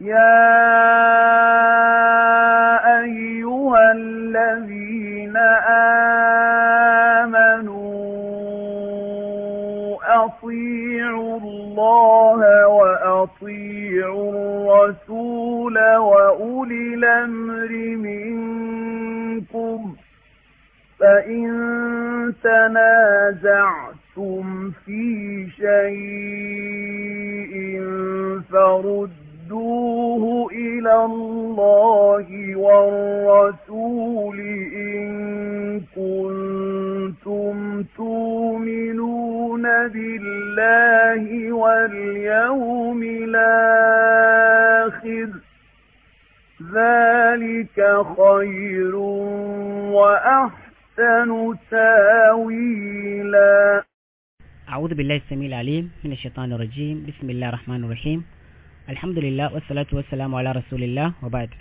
يا أيها الذين آمنوا أطيعوا الله وأطيعوا الرسول وأولي الأمر منكم فإن تنازعتم في شيء فرد اللَّهِ وَالرَّسُولِ إِن كُنتُمْ تُؤْمِنُونَ بِاللَّهِ وَالْيَوْمِ الْآخِرِ ذَلِكَ خَيْرٌ وَأَحْسَنُ تَأْوِيلًا أعوذ بالله السميع العليم من الشيطان الرجيم بسم الله الرحمن الرحيم alhamdulillah wassalatu wassalamu ala rasulillah wa ba'd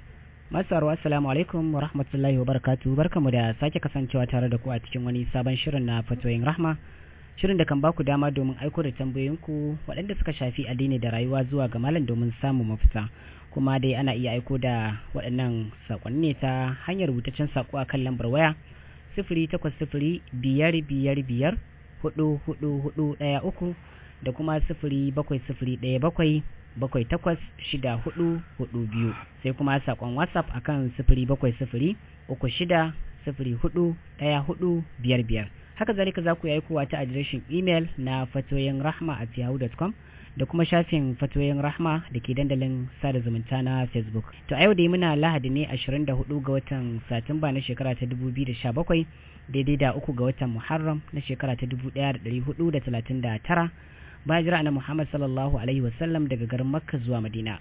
masaru assalamu alaikum wa rahmatullahi wa barakatuh barkamu da sake kasancewa tare da ku a cikin wani sabon shirin na fatoyin rahma shirin da kan baku dama domin aiko da tambayoyinku waɗanda suka shafi addini da rayuwa zuwa ga malam domin samun mafita kuma dai ana iya aiko da waɗannan saƙonni ne ta hanyar rubutaccen saƙo a kan lambar waya sifiri takwas sifiri biyar biyar biyar hudu hudu hudu ɗaya uku da kuma sifiri bakwai sifiri ɗaya bakwai bakwai takwas shida hudu hudu biyu sai kuma sakon whatsapp akan sifiri bakwai sifiri uku shida sifiri hudu ɗaya hudu biyar biyar haka zalika za ku yi kowa ta adireshin imel na fatoyin rahma at yahoo.com da kuma shafin fatoyin rahma da ke dandalin sada zumunta na facebook to a yau dai muna lahadi ne 24 ga watan satumba na shekara ta 2017 daidai da uku ga watan muharram na shekara ta tara. bajira na Muhammad sallallahu alaihi wasallam daga garin Makka zuwa Madina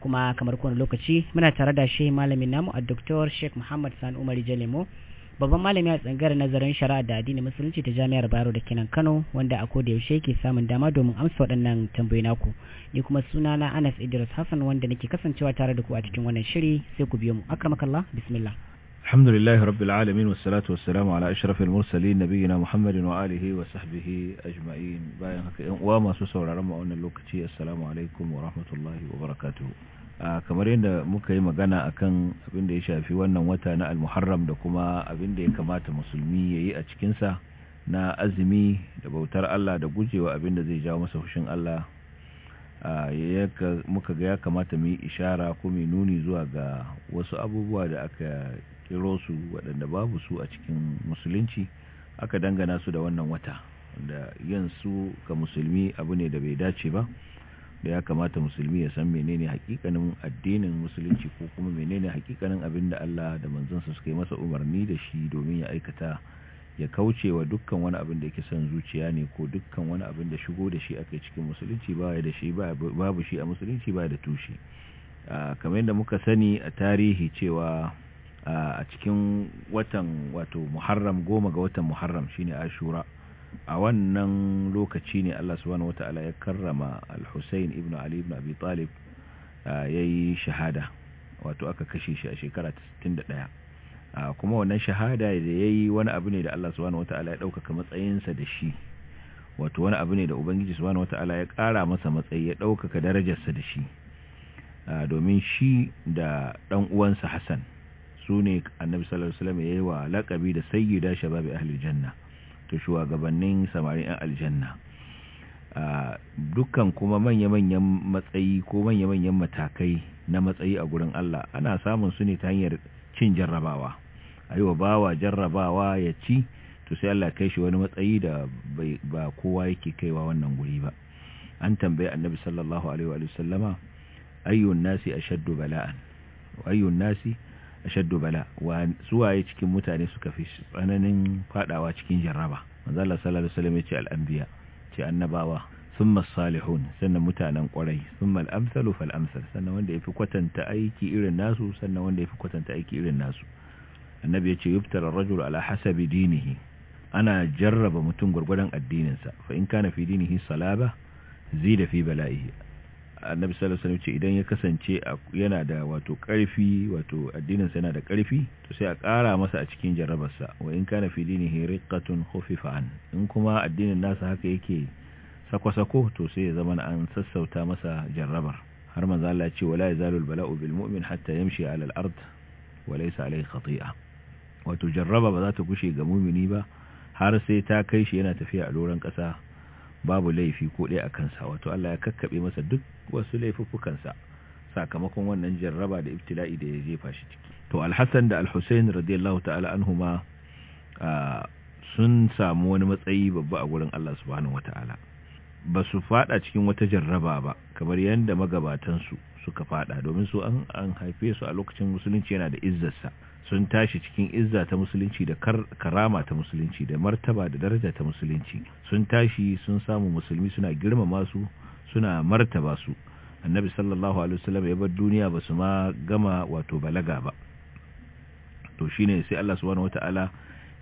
kuma kamar kowane lokaci muna tare da shi malamin namu a Dr. Sheikh Muhammad San Umar Jalemo babban malami a tsangar nazarin shari'a da addinin musulunci ta jami'ar baro da kenan kano wanda a ko da yaushe ke samun dama domin amsa waɗannan tambayoyi naku ni kuma suna na anas idris hassan wanda nake kasancewa tare da ku a cikin wannan shiri sai ku biyo mu akramakallah bismillah الحمد لله رب العالمين والصلاة والسلام على أشرف المرسلين نبينا محمد وآله وصحبه أجمعين وما سوسور رمى أن اللوكتي السلام عليكم ورحمة الله وبركاته kamar yadda muka yi magana a kan abinda ya shafi wannan wata na almuharram da kuma abinda ya kamata musulmi ya yi a cikinsa na azumi da bautar Allah da gujewa abin da zai jawo masa fushin Allah muka ga ya kamata mu yi ishara ko mai nuni zuwa ga wasu abubuwa da aka kiro su waɗanda babu su a cikin musulunci aka dangana su da wannan wata da yin su ga musulmi abu ne da bai dace ba da ya kamata musulmi ya san menene hakikanin addinin musulunci ko kuma menene hakikanin abin da Allah da manzansa suka yi masa umarni da shi domin ya aikata ya kauce wa dukkan wani abin da yake son zuciya ne ko dukkan wani abin da shigo da shi aka cikin musulunci baya da shi babu shi a musulunci ba da tushe ah, kamar yadda muka sani a tarihi cewa a cikin watan wato muharram goma ga watan muharram shine ashura a wannan lokaci ne Allah subhanahu wataala ya karrama al-Husayn ibn Ali ibn Abi Talib yayi shahada wato aka kashe shi a shekara 61 kuma wannan shahada da yayi wani abu ne da Allah subhanahu wataala ya dauka matsayin sa da shi wato wani abu ne da Ubangiji subhanahu wataala ya kara masa matsayi ya dauka darajar sa da shi domin shi da dan uwansa Hassan su ne annabi sallallahu alaihi wasallam yayi wa laqabi da sayyida shababi ahli janna to shugabannin samarin aljanna dukkan kuma manya-manyan matsayi ko manya-manyan matakai na matsayi a gurin Allah ana samun su ne ta hanyar cin jarrabawa aiwa bawa jarrabawa ya ci to sai Allah kai shi wani matsayi da ba kowa yake kaiwa wannan guri ba an tambaye annabi sallallahu alaihi wa sallama ayyun nasi ashaddu bala'an ayyun nasi ashaddu bala wa suwaye cikin mutane suka fi tsananin fadawa cikin jarraba manzo Allah sallallahu alaihi wasallam yace al-anbiya ce annabawa thumma salihun sannan mutanen kwarai thumma al-amsalu fal amsal sannan wanda yafi kwatanta aiki irin nasu sannan wanda yafi kwatanta aiki irin nasu annabi ya ce ar-rajulu ala hasabi dinihi ana jarraba mutum gurgurdan addininsa fa in kana fi dinihi salaba zida fi bala'ihi annabi sallallahu alaihi idan ya kasance yana da wato karfi wato addinin sa yana da karfi to sai a ƙara masa a cikin jarrabarsa wa in kana fi dinihi riqqatun khufifa in kuma addinin nasa haka yake sako-sako to sai ya zama an sassauta masa jarrabar har manzo Allah ya ce wala yazalu albala'u bil mu'min hatta yamshi 'ala al-ard wa laysa alayhi khati'a wato jarraba ba za ta gushe ga mumini ba har sai ta kai shi yana tafiya a loran ƙasa babu laifi ko ɗaya a kansa wato Allah ya kakkaɓe masa duk wasu laifuffukansa sakamakon wannan jarraba da ibtila'i da ya jefa shi ciki to alhassan da alhussein radiyallahu ta'ala anhuma sun samu wani matsayi babba a gurin Allah subhanahu wata'ala ba su fada cikin wata jarraba ba kamar yadda su suka fada domin su an haife su a lokacin musulunci yana da izzarsa sun tashi cikin izza ta musulunci da karama ta musulunci da martaba da daraja ta musulunci sun tashi sun samu musulmi suna girmama su suna martaba su annabi sallallahu alaihi wasallam ya bar duniya basu ma gama wato balaga ba to shine sai Allah subhanahu wataala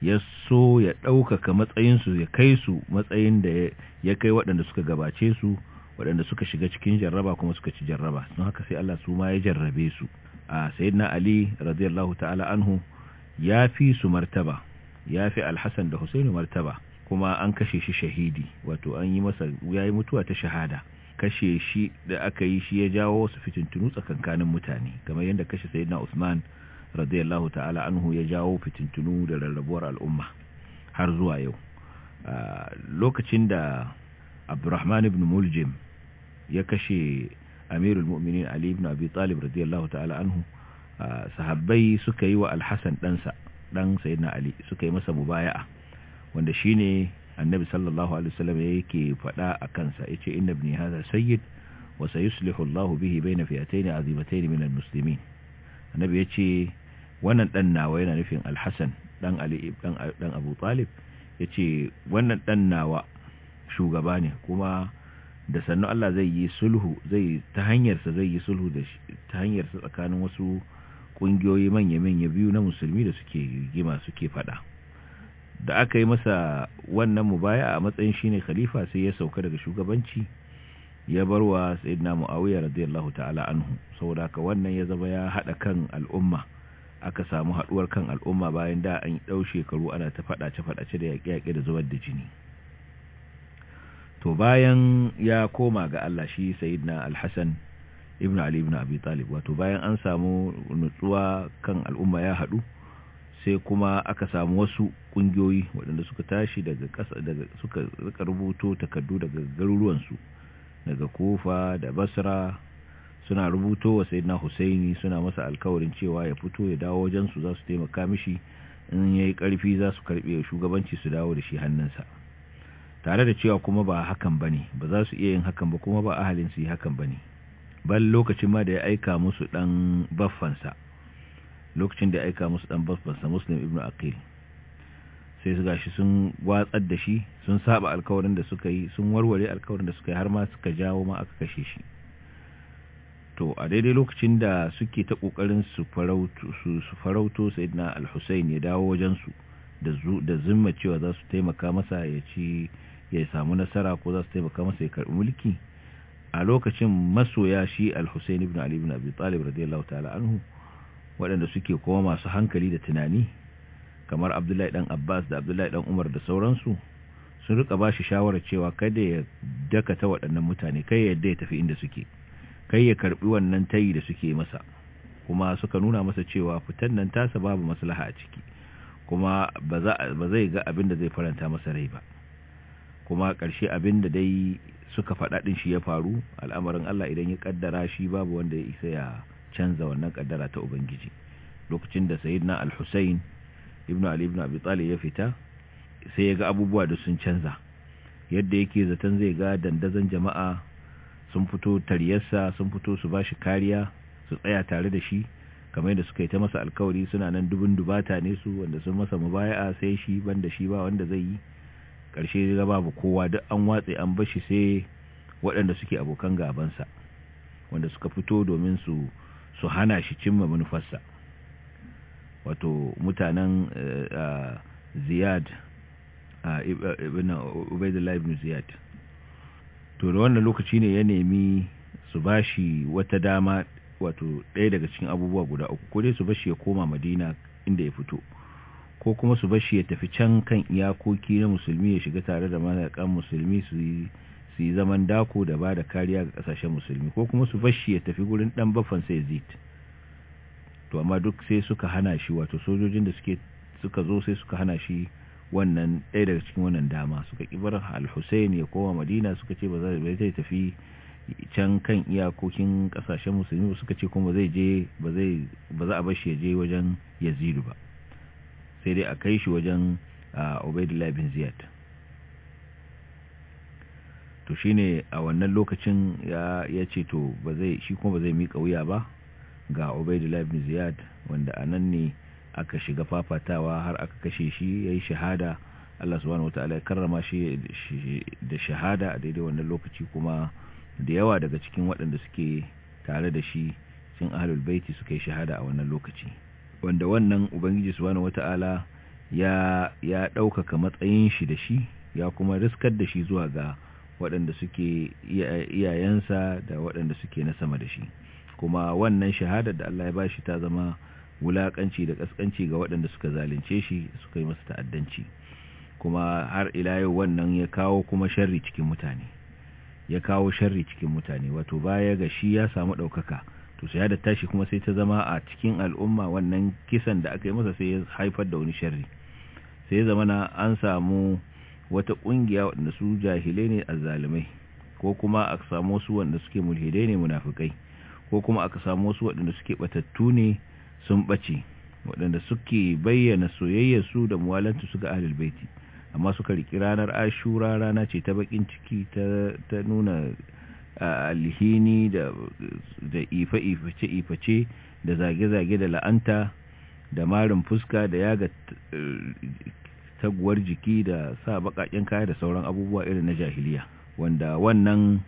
ya so ya ɗaukaka matsayin su ya kai su matsayin da ya kai waɗanda suka gabace su waɗanda suka shiga cikin jarraba kuma suka ci jarraba don haka sai Allah su ma ya jarrabe su a sayyidina ali radiyallahu ta'ala anhu ya fi su martaba ya fi alhassan da husainu martaba kuma an kashe shi shahidi wato an yi masa ya yi mutuwa ta shahada kashe shi da aka yi shi ya jawo wasu fitintunu tsakankanin mutane kamar yadda kashe sayyidina usman radiyallahu ta'ala anhu ya jawo fitintunu da rarrabuwar al'umma har zuwa yau lokacin da abdurrahman ibn muljim ya kashe amirul mu'minin ali ibn abi talib radiyallahu ta'ala anhu sahabbai suka yi wa alhassan ɗansa ɗan sayyidina ali suka yi masa mubaya'a wanda shine annabi sallallahu alaihi wasallam yake faɗa a kansa yace inna ibni hadha sayyid wa sayuslihu Allah bihi bayna fi'atayn azimatayn min almuslimin annabi yace wannan dan nawa yana nufin alhasan dan ali dan dan abu talib yace wannan dan nawa shugaba ne kuma da sannu Allah zai yi sulhu zai ta hanyarsa zai yi sulhu da ta hanyarsa tsakanin wasu kungiyoyi manya-manya biyu na musulmi da suke gima suke fada da aka yi masa wannan mubaya a matsayin shine khalifa sai ya sauka daga shugabanci ya barwa sayyidina muawiya radiyallahu ta'ala anhu saboda ka wannan ya zama ya hada kan al'umma aka samu haduwar kan al'umma bayan da an dau shekaru ana ta fadace-fadace da yaƙe-yaƙe da zubar da jini to bayan ya koma ga Allah shi sayyidina al-Hasan ibn Ali ibn Abi Talib wato bayan an samu nutsuwa kan al'umma ya hadu sai kuma aka samu wasu ƙungiyoyi waɗanda suka tashi daga ƙasa daga suka rika rubuto takardu daga garuruwan su daga kofa da Basra suna rubuto wa sayyidina Husaini suna masa alkawarin cewa ya fito ya dawo wajen su za su taimaka mishi in yayi karfi za su karbe shugabanci su dawo da shi hannunsa tare da cewa kuma ba hakan bane ba za su iya yin hakan ba kuma ba ahalin su yi hakan bane bal lokacin ma da ya aika musu dan baffansa lokacin da ya aika musu dan baffansa Muslim ibnu Aqil sai su gashi sun watsar da shi sun saba alkawarin da suka yi sun warware alkawarin da suka yi har ma suka jawo ma aka kashe shi to a daidai lokacin da suke ta kokarin su farauto su farauto sayyidina al-Husayn ya dawo wajen su da zimma cewa za su taimaka masa ya ci ya samu nasara ko za su taimaka masa ya karbi mulki a lokacin masoya shi al hussein ibn Ali ibn Abi Talib radiyallahu ta'ala anhu waɗanda suke kuma masu hankali da tunani kamar Abdullahi dan Abbas da Abdullahi dan Umar da sauransu sun rika ba shi shawara cewa kada ya dakata waɗannan mutane kai ya yadda ya tafi inda suke kai ya karbi wannan tayi da suke masa kuma suka nuna masa cewa fitan nan tasa babu maslaha a ciki kuma ba zai ga abin da zai faranta masa rai ba kuma karshe abin da dai suka faɗaɗin shi ya faru al'amarin Allah idan ya ƙaddara shi babu wanda ya isa ya canza wannan ƙaddara ta Ubangiji lokacin da Sayyidina al hussein Ibn Ali ibn Abi Talib ya fita sai ya ga abubuwa da sun canza yadda yake zaton zai ga dandazon jama'a sun fito tariyarsa sun fito su ba shi kariya su tsaya tare da shi kamar da suka yi ta masa alkawari suna nan dubun dubata ne su wanda sun masa mubaya'a sai shi banda shi ba wanda zai yi karshe ga babu kowa duk an watse an bashi sai waɗanda suke abokan gabansa wanda suka fito domin su su hana shi cimma manufarsa wato mutanen eh, ziyad ibn ubaidullah ibn ziyad to da wannan lokaci ne ya nemi su bashi wata dama wato ɗaya daga cikin abubuwa guda uku ko dai su bashi ya koma madina inda ya fito ko kuma su bashi ya tafi can kan iyakoki na musulmi ya shiga tare da mayakan musulmi su yi zaman dako da ba da kariya ga kasashen musulmi ko kuma su bashi ya tafi gurin dan baffan sai zit to amma duk sai suka hana shi wato sojojin da suke suka zo sai suka hana shi wannan ɗaya daga cikin wannan dama suka kibar al-Husayn ya koma Madina suka ce ba za bai tafi can kan iyakokin kasashen musulmi suka ce kuma zai je ba za a bashi ya je wajen yazidu ba sai dai a kai shi wajen obaidullah bin ziyad to shine a wannan lokacin ya ce to shi kuma ba zai miƙa wuya ba ga obaidullah bin ziyad wanda a nan ne aka shiga fafatawa har aka kashe shi ya yi shahada Allah subhanahu wata ya karrama shi da shahada a daidai wannan lokaci kuma da yawa daga cikin waɗanda suke tare da shi sun ahalul baiti suka kai shahada a wannan lokaci wanda wannan ubangiji subhanahu wata'ala ya ya ɗaukaka matsayin shi da shi ya kuma riskar da shi zuwa ga waɗanda suke iyayensa da waɗanda suke na sama da shi kuma wannan shahadar da Allah ya bashi ta zama wulakanci da kaskanci ga waɗanda suka zalunce shi suka yi masa ta'addanci kuma har ila yau wannan ya kawo kuma sharri cikin mutane ya kawo sharri cikin mutane wato baya ga shi ya samu ɗaukaka to da tashi kuma sai ta zama a cikin al'umma wannan kisan da aka yi masa sai ya haifar da wani sharri sai ya zama an samu wata ƙungiya waɗanda su jahilai ne azzalumai ko kuma aka samu wasu waɗanda suke mulhidai ne munafikai ko kuma aka samu wasu waɗanda suke batattu ne sun bace waɗanda suke bayyana su da muwalantu su ga ahlul baiti amma suka riƙi ranar ashura rana ce ta bakin ciki ta nuna alhini da ife-ife da zage-zage da la'anta da marin fuska da yaga eh, taguwar jiki da sa bakaken kaya da sauran abubuwa irin na jahiliya wanda wannan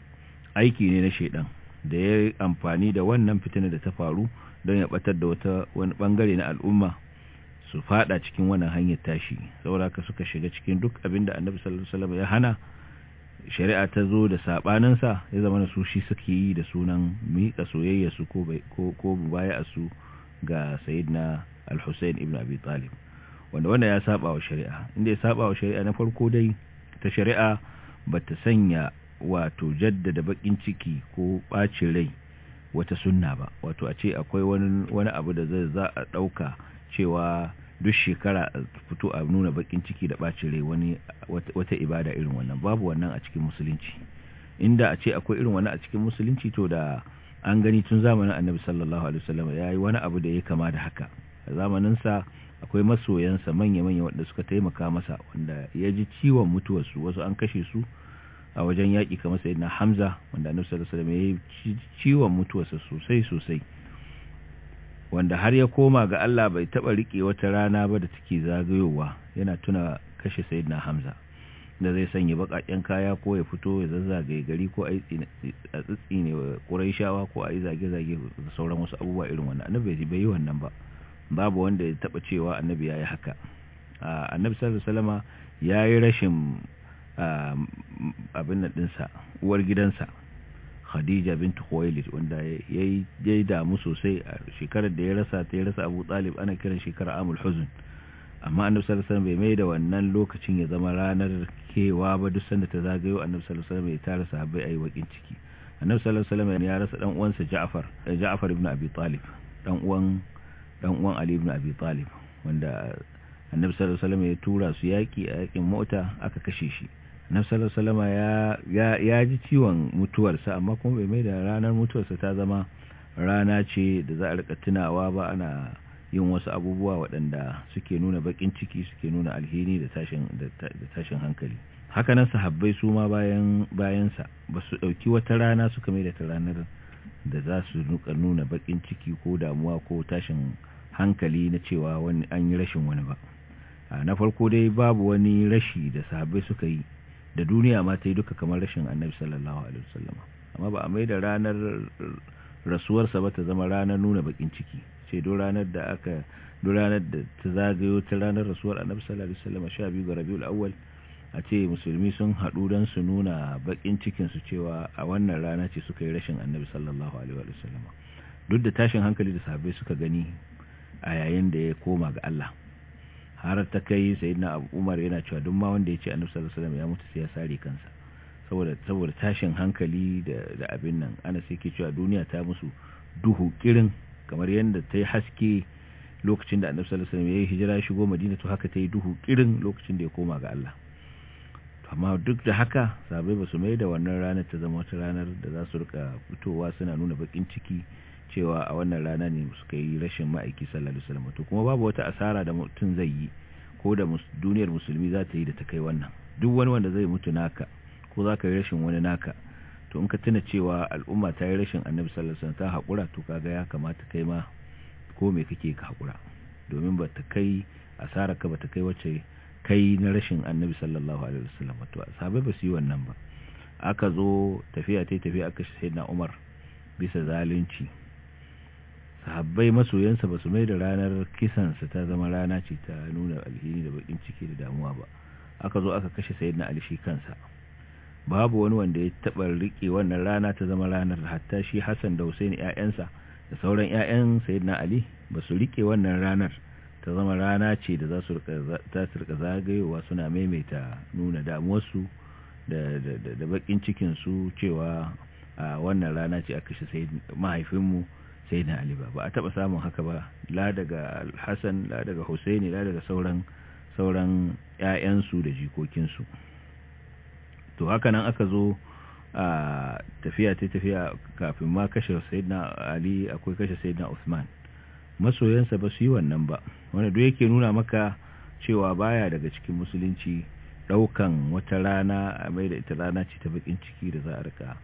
aiki ne na shaidan da ya amfani da wannan fitina da ta faru don ya batar da wata wani bangare na al'umma su fada cikin wannan hanyar tashi saboda ka suka shiga cikin duk abin da annabi sallallahu ya hana shari'a ta zo da sabanin sa ya zama su shi suke yi da sunan miƙa soyayya su ko ko baya su ga sayyidina al-Husayn ibn Abi Talib wanda wannan ya saba wa shari'a inda ya saba wa shari'a na farko dai ta shari'a ba ta sanya wato jaddada bakin ciki ko bacin rai wata sunna ba wato a ce akwai wani abu da zai za a dauka cewa duk shekara fito a nuna bakin ciki da bacin rai wani wata ibada irin wannan babu wannan a cikin musulunci inda a ce akwai irin wannan a cikin musulunci to da an gani tun zamanin annabi sallallahu alaihi wasallam yayi wani abu da ya kama da haka a zamaninsa akwai masoyansa manya-manya wanda suka taimaka masa wanda ya ji ciwon mutuwarsu wasu an kashe su a wajen yaƙi kamar sayyidina Hamza wanda annabi sallallahu alaihi wasallam ya yi ciwon mutuwarsa sosai sosai wanda har ya koma ga Allah bai taba rike wata rana ba da take zagayowa yana tuna kashe sayyidina Hamza da zai sanya bakakken kaya ko ya fito ya zazzage gari ko ai tsitsi ne Qurayshawa ko ai zage-zage da sauran wasu abubuwa irin wannan annabi bai yi wannan ba babu wanda ya taba cewa annabi ya yi haka annabi sallallahu alaihi wasallama yayi rashin abin nan dinsa uwar gidansa khadija bintu khuwailid wanda yayi yayi damu sosai a shekarar da ya rasa ta ya rasa abu talib ana kiran shekarar amul huzun amma annabi sallallahu alaihi wasallam bai mai da wannan lokacin ya zama ranar kewa ba duk sanda ta zagayo annabi sallallahu alaihi wasallam ya tara sahabbai ayi wakin ciki annabi sallallahu alaihi wasallam ya rasa dan uwansa ja'far eh, ja'far ibn abi talib dan uwan dan uwan ali ibn abi talib wanda annabi sallallahu alaihi wasallam ya tura su yaki a yakin mota aka kashe shi na salama ya ji ciwon mutuwarsa amma kuma bai mai da ranar mutuwarsa ta zama rana ce da za a rika tunawa ba ana yin wasu abubuwa waɗanda suke nuna baƙin ciki suke nuna alheri da tashin hankali haka nan sahabbai su ma bayansa ba su ɗauki wata rana suka mai da ta ranar da za su nuna baƙin ciki ko damuwa ko tashin hankali na cewa an yi rashin wani ba na farko dai babu wani rashi da sahabbai suka yi da duniya ma ta yi duka kamar rashin annabi sallallahu alaihi wasallama amma ba a mai da ranar rasuwarsa ba ta zama ranar nuna bakin ciki ce do ranar da aka do ranar da ta zagayo ta ranar rasuwar annabi sallallahu alaihi wasallama 12 ga rabiul awwal a ce musulmi sun haɗu dan su nuna bakin cikinsu cewa a wannan rana ce suka yi rashin annabi sallallahu alaihi wasallama duk da tashin hankali da sahabbai suka gani a yayin da ya koma ga Allah har ta kai sayyidina abu umar yana cewa duk ma wanda ya ce annabi sallallahu alaihi wasallam ya mutu sai ya sare kansa saboda saboda tashin hankali da da abin nan ana sai ke cewa duniya ta musu duhu kirin kamar yadda ta haske lokacin da annabi sallallahu alaihi wasallam ya hijira shigo madina to haka ta yi duhu kirin lokacin da ya koma ga Allah amma duk da haka sabai ba mai da wannan ranar ta zama wata ranar da za su rika fitowa suna nuna bakin ciki cewa a wannan rana ne suka yi rashin ma'aiki sallallahu alaihi wasallam kuma babu wata asara da mutum zai yi ko da duniyar musulmi za ta yi da ta kai wannan duk wani wanda zai mutu naka ko za ka yi rashin wani naka to in ka tuna cewa al'umma ta yi rashin annabi sallallahu alaihi wasallam ta haƙura to kaga ya kamata kai ma ko me kake ka haƙura domin ba ta kai asara ka ba ta kai wace kai na rashin annabi sallallahu alaihi wasallam to sahabbai ba su yi wannan ba aka zo tafiya ta tafiya aka shi sayyidina Umar bisa zalunci sahabbai masoyansa ba su mai da ranar kisansa ta zama rana ce ta nuna alhini da bakin ciki da damuwa ba aka zo aka kashe sayyidina ali shi kansa babu wani wanda ya taba rike wannan rana ta zama ranar hatta shi hasan da husain ƴaƴansa da sauran ƴaƴan sayyidina ali ba su rike wannan ranar ta zama rana ce da za su rika zagayowa suna maimaita nuna damuwarsu da da da bakin cikin su cewa wannan rana ce aka kashe mahaifinmu sai na ali ba a taba samun haka ba la daga hassan la daga husaini la daga sauran sauran ƴaƴansu da jikokinsu to haka nan aka zo a tafiya ta tafiya kafin ma kashe sayyidina ali akwai kashe sayyidina usman masoyansa ba su yi wannan ba wanda duk yake nuna maka cewa baya daga cikin musulunci daukan wata rana a mai da ita rana ce ta bakin ciki da za a rika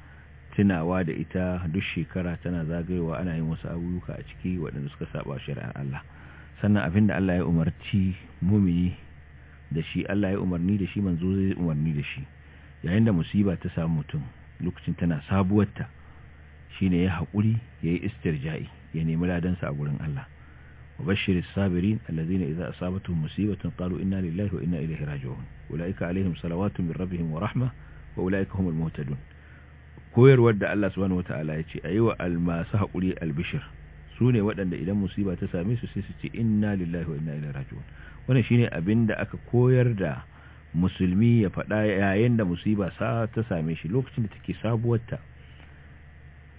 tunawa da ita duk shekara tana zagayowa ana yin wasu abubuwa a ciki waɗanda suka saba shari'ar Allah sannan abin da Allah ya umarci mumini da shi Allah ya umarni da shi manzo zai umarni da shi yayin da musiba ta samu mutum lokacin tana sabuwarta shine ya haƙuri ya yi istirja'i ya nemi ladansa a gurin Allah wa bashiris sabirin allazina idza asabatuhum musibatun qalu inna lillahi wa inna ilaihi raji'un ulaika alaihim salawatun min rabbihim wa rahma wa ulaika humul muhtadun koyarwar da Allah subhanahu wata'ala ya ce a yi wa almasu haƙuri albishir su ne waɗanda idan musiba ta same su sai su ce inna lillahi wa inna ilaihi raji'un wannan shine abin da aka koyar da musulmi ya faɗa yayin da musiba sa ta same shi lokacin da take sabuwar ta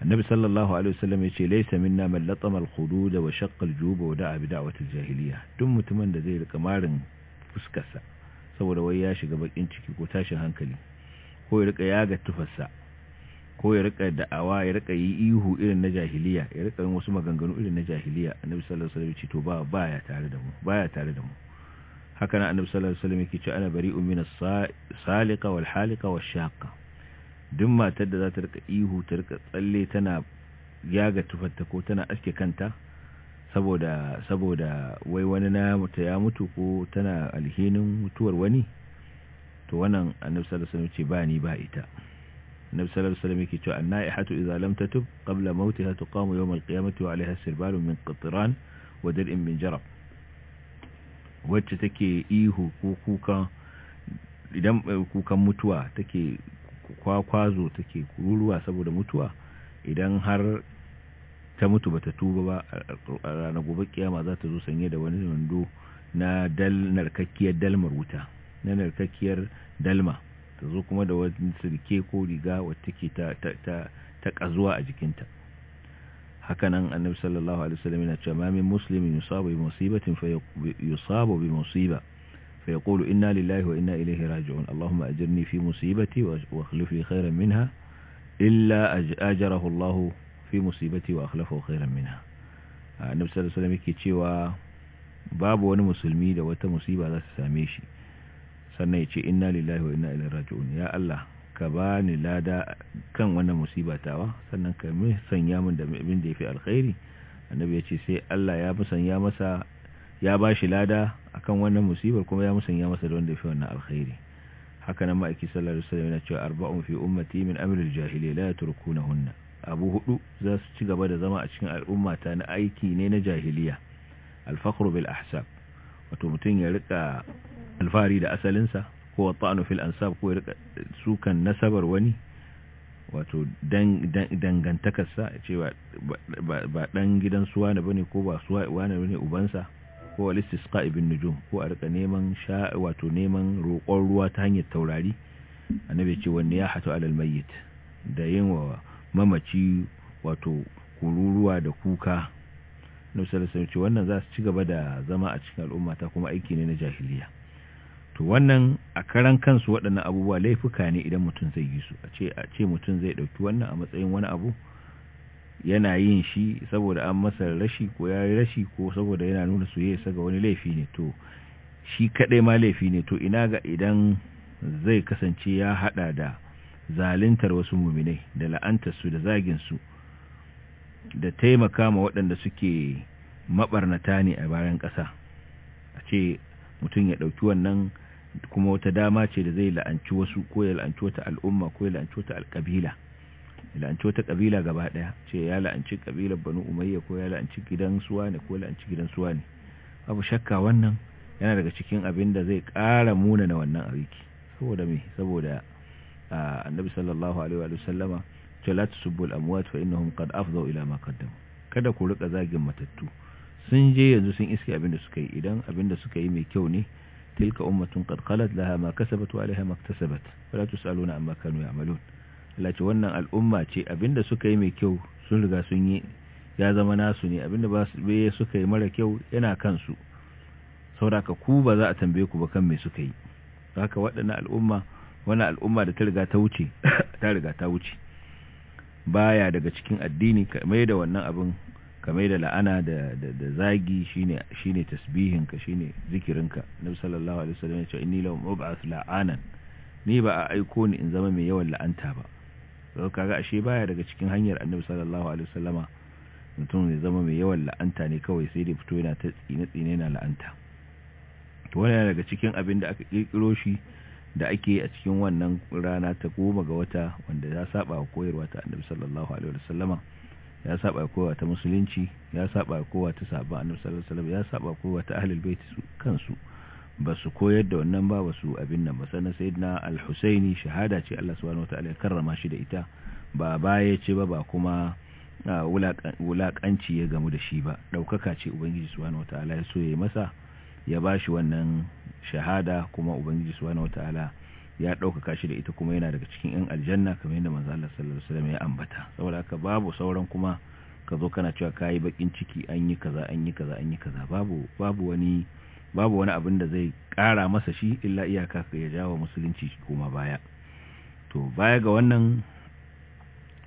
annabi sallallahu alaihi wasallam ya ce laysa minna man latama al da wa shaqqa aljub juba wa da'a bi da'wat jahiliya duk mutumin da zai rika marin fuskarsa saboda wai ya shiga bakin ciki ko tashin hankali ko ya rika yaga tufarsa ko ya rika da'awa ya rika yi ihu irin na jahiliya ya rika yin wasu maganganu irin na jahiliya annabi sallallahu alaihi wasallam ce to ba baya tare da mu baya tare da mu haka nan annabi sallallahu alaihi wasallam yake cewa ana bari min as-saliqa wal haliqa wash shaqa duk matar da za ta rika ihu ta rika tsalle tana yaga tufarta ko tana aske kanta saboda saboda wai wani na mutu ya mutu ko tana alhinin mutuwar wani to wannan annabi sallallahu alaihi wasallam ce ba ni ba ita annabi sallallahu alaihi wasallam yake cewa an-na'ihatu idza lam tatub qabla mautiha tuqamu yawm al wa 'alayha sirbalun min qatran wa dir'in min jarab wacce take ihu ko kuka idan eh, kukan mutuwa take kwakwazo take kururuwa saboda mutuwa idan har ta mutu bata tuba ba a ranar gobe kiyama za ta zo sanye da wani wando na dal dalmar wuta na narkakkiyar dalma ta zo kuma da wani sirke ko riga wacce ke ta ta ta kazuwa a jikinta hakanan annabi sallallahu alaihi wasallam yana cewa ma min muslimin yusabu bi musibatin fa yusabu bi musiba fa yaqulu inna lillahi wa inna ilaihi raji'un allahumma ajirni fi musibati wa akhlif li khayran minha illa ajarahu allah fi musibati wa akhlafahu khayran minha annabi sallallahu alaihi wasallam yake cewa babu wani musulmi da wata musiba za ta same shi sannan ya ce inna lillahi wa inna ilaihi raji'un ya Allah ka ba ni lada kan wannan musiba tawa sannan ka mi sanya min da abin da yafi alkhairi annabi ya ce sai Allah ya musanya masa ya ba shi lada akan wannan musibar kuma ya musanya masa da wanda fi wannan alkhairi haka nan ma'aiki sallallahu alaihi yana cewa arba'un fi ummati min amri al-jahiliya la abu hudu za su ci gaba da zama a cikin al'ummata na aiki ne na jahiliya al-fakhru bil ahsab wato mutum ya rika alfahari da asalinsa ko ta'anu fil ansab ko sukan nasabar wani wato dangantakarsa cewa ba dan gidan suwa na bane ko ba suwa wane bane ubansa ko al ibn nujum ko a rika neman sha wato neman roƙon ruwa ta hanyar taurari annabi ce wanne ya hatu alal mayyit da yin wa mamaci wato kururuwa da kuka nabi sarki wannan za su ci gaba da zama a cikin al'umma ta kuma aiki ne na jahiliya to wannan a karan kansu waɗannan abubuwa laifuka ne idan mutum zai yi su a ce mutum zai ɗauki wannan a matsayin wani abu yana yin shi saboda an masa rashi ko ya yi rashi ko saboda yana nuna soyayya ga wani laifi ne to shi kaɗai ma laifi ne to ina ga idan zai kasance ya haɗa da zalintar wasu muminai da la'antarsu da zagin su da taimaka ma waɗanda suke maɓarnata ne a bayan ƙasa a ce mutum ya ɗauki wannan kuma wata dama ce da zai la'anci wasu ko ya la'anci wata al'umma ko ya la'anci wata alƙabila ya la'anci wata ƙabila gaba ɗaya ce ya la'anci ƙabilar banu umayya ko ya la'anci gidan suwa ne ko ya la'anci gidan suwa ne abu shakka wannan yana daga cikin abin da zai ƙara muna na wannan aiki saboda me saboda annabi sallallahu alaihi wa sallama ce la tusubbul amwat fa innahum qad afdhu ila ma qaddamu kada ku rika zagin matattu sun je yanzu sun iske abin da suka yi idan abin da suka yi mai kyau ne tilka أمة قد خلت لها ما كسبت وعليها ما اكتسبت ولا تسألون عما كانوا Allah ce wannan al'umma ce abinda suka yi mai kyau sun riga sun yi ya zama nasu ne abinda ba suka yi mara kyau yana kansu sauraka ku ba za a tambaye ku ba kan me suka yi haka waɗannan al'umma wannan al'umma da ta riga ta wuce baya daga cikin addini mai da wannan abin kamar da la'ana da da zagi shine shine tasbihinka shine zikirinka nabi sallallahu alaihi wasallam ya ce inni la la'anan ni ba a aiko ni in zama mai yawan la'anta ba sau kaga ashe baya daga cikin hanyar annabi sallallahu alaihi wasallama mutum ne zama mai yawan la'anta ne kawai sai da fito yana ta tsine tsine na la'anta to wannan daga cikin abin da aka kirkiro shi da ake a cikin wannan rana ta goma ga wata wanda ya saba koyarwa ta annabi sallallahu alaihi wasallama ya saba kowa ta musulunci ya saba kowa ta saba annabi sallallahu alaihi wasallam ya saba kowa ta ahlul bait kansu ba su koyar da wannan ba su abin nan ba sannan sayyidina al-husaini shahada ce Allah subhanahu wataala ya karrama shi da ita ba baya ce ba ba kuma wulakanci ya gamu da shi ba daukaka ce ubangiji subhanahu wataala ya so ya masa ya bashi wannan shahada kuma ubangiji subhanahu wataala ya ɗaukaka shi da ita kuma yana daga cikin 'yan aljanna kamar yadda manzo Allah sallallahu alaihi wasallam ya ambata saboda haka babu sauran kuma ka zo kana cewa kayi bakin ciki an yi kaza an yi kaza an yi kaza babu babu wani babu wani abin da zai ƙara masa shi illa iyaka ka ya jawo musulunci kuma baya to baya ga wannan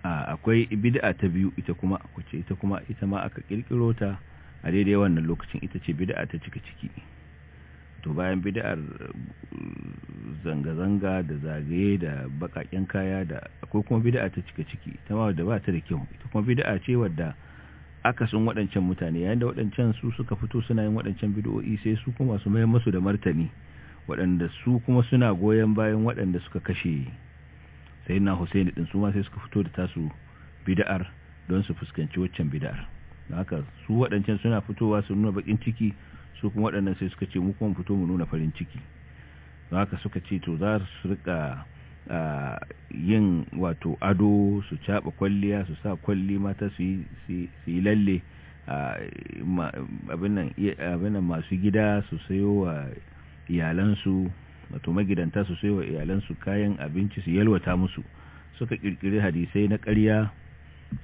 akwai bid'a ta biyu ita kuma ita kuma ita ma aka kirkiro ta a daidai wannan lokacin ita ce bid'a ta cika ciki to bayan bid'ar zanga-zanga da zagaye da bakaken kaya da akwai kuma bid'a ta cika ciki ta ma da ba ta da kyau ita kuma bid'a ce wadda sun waɗancan mutane yayin da waɗancan su suka fito suna yin waɗancan bid'o'i sai su kuma su mayar musu da martani waɗanda su kuma suna goyon bayan waɗanda suka kashe sai na Hussein din su ma sai suka fito da tasu bid'ar don su fuskanci waccan bid'ar haka su waɗancan suna fitowa su nuna bakin ciki su kuma waɗannan sai suka ce mu fito mu nuna farin ciki don haka suka ce to za su rika yin wato ado su caɓa kwalliya su sa kwalli mata su yi lalle abinan masu gida su sayo wa iyalansu wato magidanta su sayo wa iyalansu kayan abinci su yalwata musu suka kirkiri hadisai na ƙarya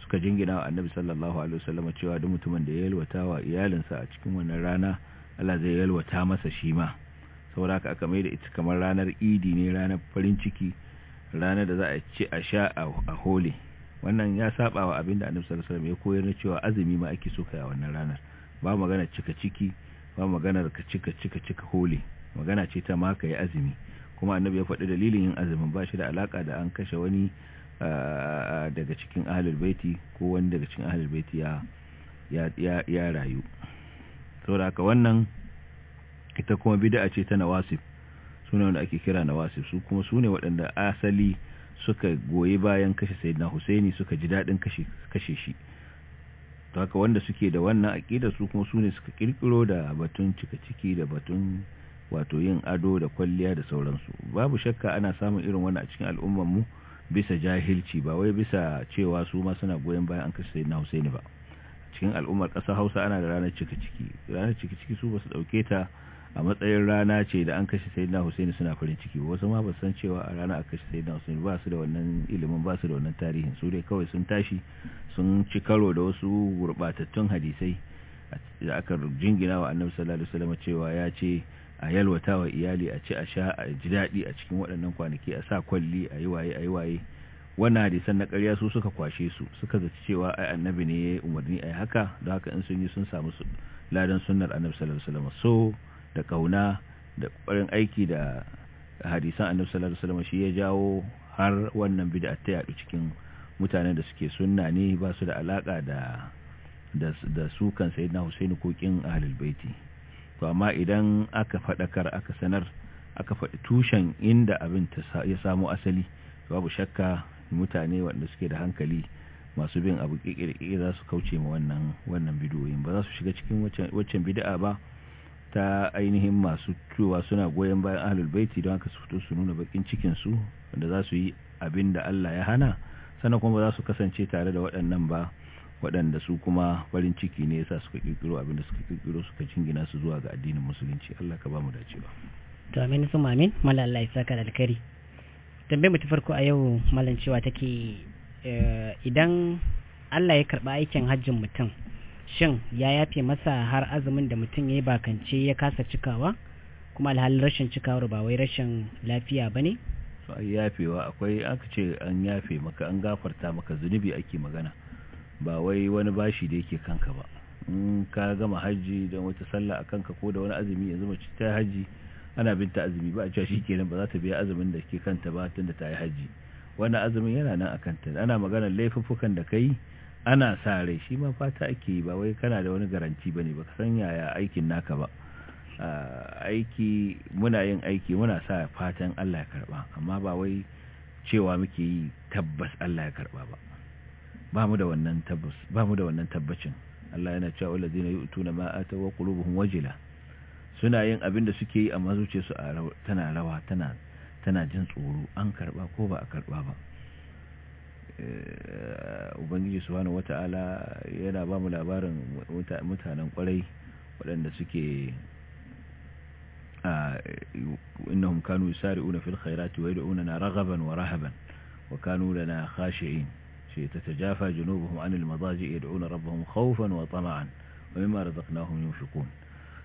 suka jingina wa annabi sallallahu alaihi wasallam cewa duk mutumin da ya yalwata wa iyalinsa a cikin wannan rana Allah zai yalwata masa shi ma saboda haka aka maida ita kamar ranar idi ne ranar farin ciki ranar da za a ci a sha a hole wannan ya saba wa abinda annabi sallallahu alaihi wasallam ya koyar na cewa azumi ma ake so kai a wannan ranar ba magana cika ciki ba magana ka cika cika cika hole magana ce ta ma ka yi azumi kuma annabi ya faɗi dalilin yin azumin ba shi da alaka da an kashe wani daga cikin ahlul baiti ko wani daga cikin ahlul baiti ya ya ya rayu saboda haka wannan ita kuma bid'a ce ta nawasib sune wanda ake kira nawasib su kuma sune waɗanda asali suka goyi bayan kashe sayyidina Husaini suka ji dadin kashe kashe shi to haka wanda suke da wannan aqida su kuma sune suka kirkiro da batun cika ciki da batun wato yin ado da kwalliya da sauransu babu shakka ana samun irin wannan a cikin al'ummar mu bisa jahilci ba wai bisa cewa su ma suna goyen bayan an kashe sayyidina Husaini ba cikin al'ummar ƙasar hausa ana da ranar cika ciki ranar cika ciki su basu su ɗauke ta a matsayin rana ce da an kashe sayyidina husaini suna farin ciki wasu ma ba san cewa a rana aka kashe sayyidina husaini ba su da wannan ilimin ba su da wannan tarihin su dai kawai sun tashi sun ci karo da wasu gurbatattun hadisai da aka jingina wa annabi sallallahu alaihi wasallam cewa ya ce a yalwata wa iyali a ci a sha a ji daɗi a cikin waɗannan kwanaki a sa kwalli a yi waye a yi waye wannan hadisan na ƙarya su suka kwashe su suka zaci cewa ai annabi ne yayi umarni ai haka don haka in sun yi sun samu su ladan sunnar annabi sallallahu alaihi wasallam so da kauna da ƙoƙarin aiki da hadisan annabi sallallahu alaihi wasallam shi ya jawo har wannan bid'a ta yadu cikin mutanen da suke sunna ne ba su da alaka da da su kan sayyidina Husaini ko kin ahlul baiti to amma idan aka fadakar aka sanar aka faɗi tushen inda abin ya samo asali babu shakka mutane wanda suke da hankali masu bin abu kikirkiri za su kauce ma wannan wannan bidiyoyin ba za su shiga cikin waccan bid'a ba ta ainihin masu cewa suna goyon bayan ahlul baiti don haka su fito su nuna bakin cikin su wanda za su yi abin da Allah ya hana sannan kuma za su kasance tare da waɗannan ba waɗanda su kuma farin ciki ne yasa suka kirkiro abin da suka kirkiro suka jingina su zuwa ga addinin musulunci Allah ka ba mu dacewa to amin su mamin malalla alkari tambayar mu ta farko a yau malam cewa take eh, idan Allah ya karba aikin hajjin mutum shin ya yafe masa har azumin da mutum ya yi bakance ya kasa cikawa kuma alhali rashin cikawar ba wai rashin lafiya ba ne? an yafewa akwai aka ce an yafe maka an gafarta maka zunubi ake magana ba wai wani bashi da yake kanka ba in ka gama hajji don wata sallah a kanka ko da wani azumi ya zama ta hajji ana binta azumi ba cewa shi kenan ba za ta biya azumin da ke kanta ba tun da ta yi hajji wannan azumin yana nan a kanta ana magana laifuffukan da kai ana sa rai shi ma fata ake ba wai kana da wani garanti ba ne ba ka san yaya aikin naka ba aiki muna yin aiki muna sa fatan Allah ya karba amma ba wai cewa muke yi tabbas Allah ya karba ba ba mu da wannan tabbas ba mu da wannan tabbacin Allah yana cewa wallazina yu'tuna ma ataw wa qulubuhum wajila suna yin abin da suke yi amma zuciyarsu tana rawa tana tana jin tsoro an karba ko ba a karba ba ubangiji subhanahu wata'ala yana ba mu labarin mutanen kwarai waɗanda suke a innahum kanu yusari'una fil khairati wa yad'unana raghaban wa rahaban wa kanu lana khashi'in shi tatajafa junubuhum 'anil madaji' yad'una rabbahum khawfan wa tama'an wa mimma razaqnahum yunfiqun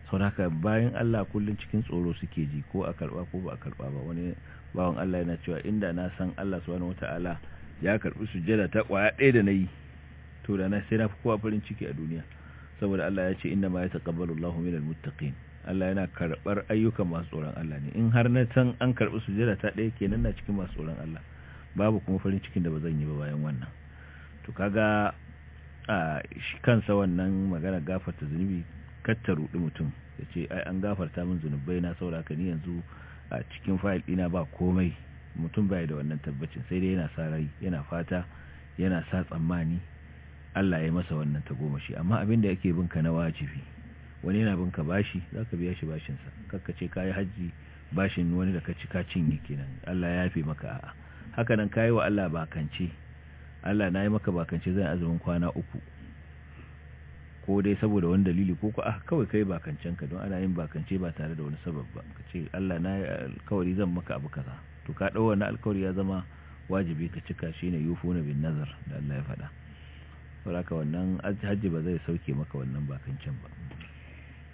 sau haka bayan Allah kullum cikin tsoro suke ji ko a karba ko ba a karba ba wani bawan Allah yana cewa inda na san Allah su wani wataala ya karbi jada ta ƙwaya ɗaya da na yi to da na sai na fi kowa farin ciki a duniya saboda Allah ya ce inna ma yataqabbalu Allahu minal muttaqin Allah yana karɓar ayyukan masu tsoron Allah ne in har na san an karbi jada ta ɗaya kenan na cikin masu tsoron Allah babu kuma farin cikin da ba zan yi ba bayan wannan to kaga a kansa wannan magana gafarta zunubi ta ruɗi mutum ya ce ai an gafarta min zunubai na sauraka ka ni yanzu a cikin fayil ɗina ba komai mutum bai da wannan tabbacin sai dai yana sa rai yana fata yana sa tsammani Allah ya masa wannan tagomashi amma abin da yake binka na wajibi wani yana binka bashi zaka biya shi bashin sa kakka ce kai haji bashin wani da ka ci ka cinye kenan Allah ya yafe maka a'a haka nan kai wa Allah bakance Allah na yi maka bakance zan azumin kwana uku ko dai saboda wani dalili ko ko ah kawai kai ka don ana yin bakance ba tare da wani sabab ba ka ce Allah na alkawari zan maka abu kaza to ka dau wannan alkawari ya zama wajibi ka cika shi yufu na bin nazar da Allah ya faɗa saboda wannan hajji ba zai sauke maka wannan bakancen ba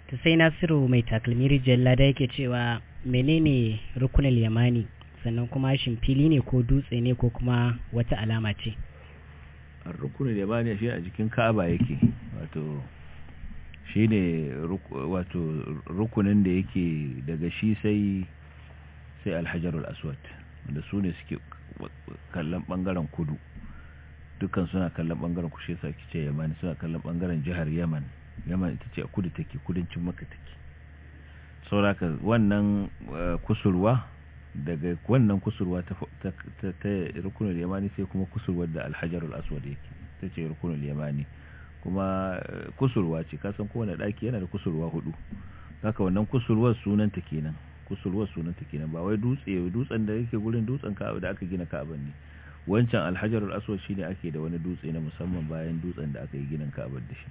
ta sai Nasiru mai takalmi rijiyar lada yake cewa menene rukunin yamani sannan kuma shin fili ne ko dutse ne ko kuma wata alama ce rukuni da bani shi a jikin ka'aba yake wato shi ne wato rukunin da yake daga shi sai sai alhajarul aswad wanda su ne suke kallon bangaren kudu dukkan suna kallon bangaren kushe sa kice yaman suna kallon bangaren jihar yaman yaman ita ce a kudu take kudancin maka take sauraka wannan eh, kusurwa daga wannan kusurwa ta rukunul yamani sai kuma kusurwar da alhajarul aswad yake ta ce rukunul yamani kuma eh, kusurwa ce kasan kowane daki yana da kusurwa hudu haka wannan kusurwar sunanta kenan kusurwar sunanta kenan ba wai dutse dutsen da yake gurin dutsen ka'aba da aka gina ka'aba ne wancan alhajarul aswad shine ake da wani dutse na musamman bayan dutsen da aka yi ginin ka'abar da shi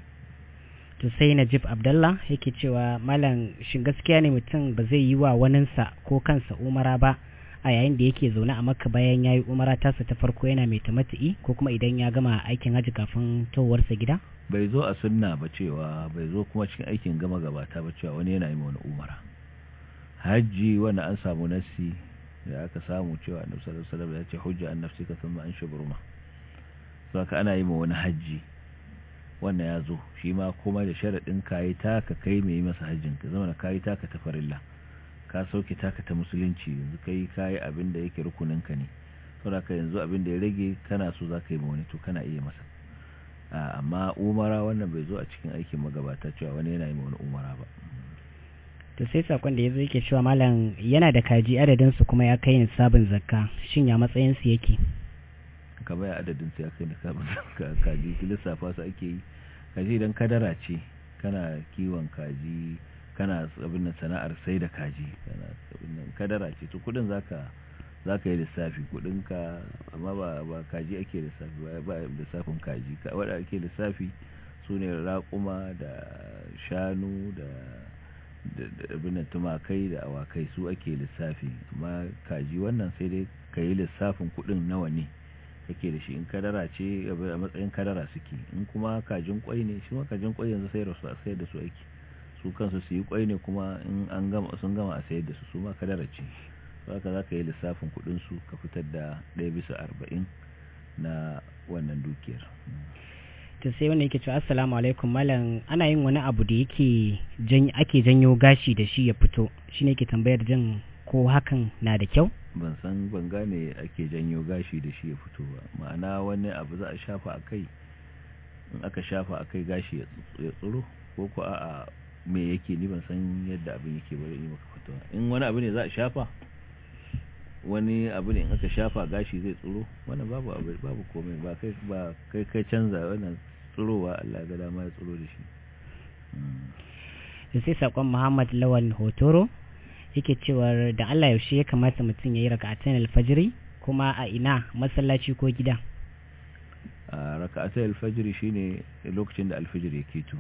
to sai najib abdallah yake cewa malam shin gaskiya ne mutum ba zai yi wa waninsa ko kansa umara ba a yayin da yake zaune a maka bayan ya yi umara tasa ta farko yana mai tamati'i ko kuma idan ya gama aikin hajji kafin towarsa gida bai zo a sunna ba cewa bai zo kuma cikin aikin gama gabata ba cewa wani yana yi wani umara hajji wani an samu nassi da aka samu cewa annabi sallallahu alaihi wasallam ya ce hujja an nafsika thumma an shubruma saka ana yi wa wani hajji wannan ya zo shi ma kuma da sharaɗin kayi taka kai mai masa hajjin ka zama kayi taka ta farilla ka sauke taka ta musulunci yanzu ka yi kayi abin da yake rukunin ka ne saboda ka yanzu abin da ya rage kana so za ka yi ma wani to kana iya masa amma umara wannan bai zo a cikin aikin magabata cewa wani yana yi wani umara ba to sai sakon da ya zo yake cewa malam yana da kaji adadin su kuma ya kai sabon zakka shin ya matsayin su yake ka baya adadin su aka kaji lissafa su ake yi kaji idan kadara ce kana kiwon kaji kana abin sana'ar sai da kaji kana abin kadara ce to kudin zaka zaka yi lissafi kudin ka amma ba ba kaji ake lissafi ba lissafin kaji ka wada ake lissafi sune raƙuma da shanu da abin tumakai da awakai su ake lissafi amma kaji wannan sai dai ka lissafin kudin nawa ne kake da shi in kadara ce a matsayin kadara suke in kuma kajin kwai ne shi ma kajin kwai yanzu sayar su a sayar da su ake su kansu su yi kwai ne kuma in an gama sun gama a sayar da su su ma kadara ce haka za ka yi lissafin kudin su ka fitar da ɗaya bisa arba'in na wannan dukiyar ta sai wanda yake cewa assalamu alaikum malam ana yin wani abu da yake ake janyo gashi da shi ya fito shine yake tambayar jin ko hakan na da kyau ban san ban gane ake janyo gashi da shi ya fito ba ma'ana wani abu za a shafa a kai in aka shafa a kai gashi ya tsoro ko ku a me yake ni ban san yadda abin yake bari yi maka fito in wani abu ne za a shafa wani abu ne in aka shafa gashi zai tsoro wani babu abu babu komai ba kai ba kai kai canza wannan tsorowa Allah ga dama ya tsoro da shi sai sakon Muhammad Lawal Hotoro yake cewa da Allah yaushe ya kamata mutum ya yi raka'atayn alfajiri kuma a ina masallaci ko gida raka'atayn alfajiri shine lokacin da alfajiri yake to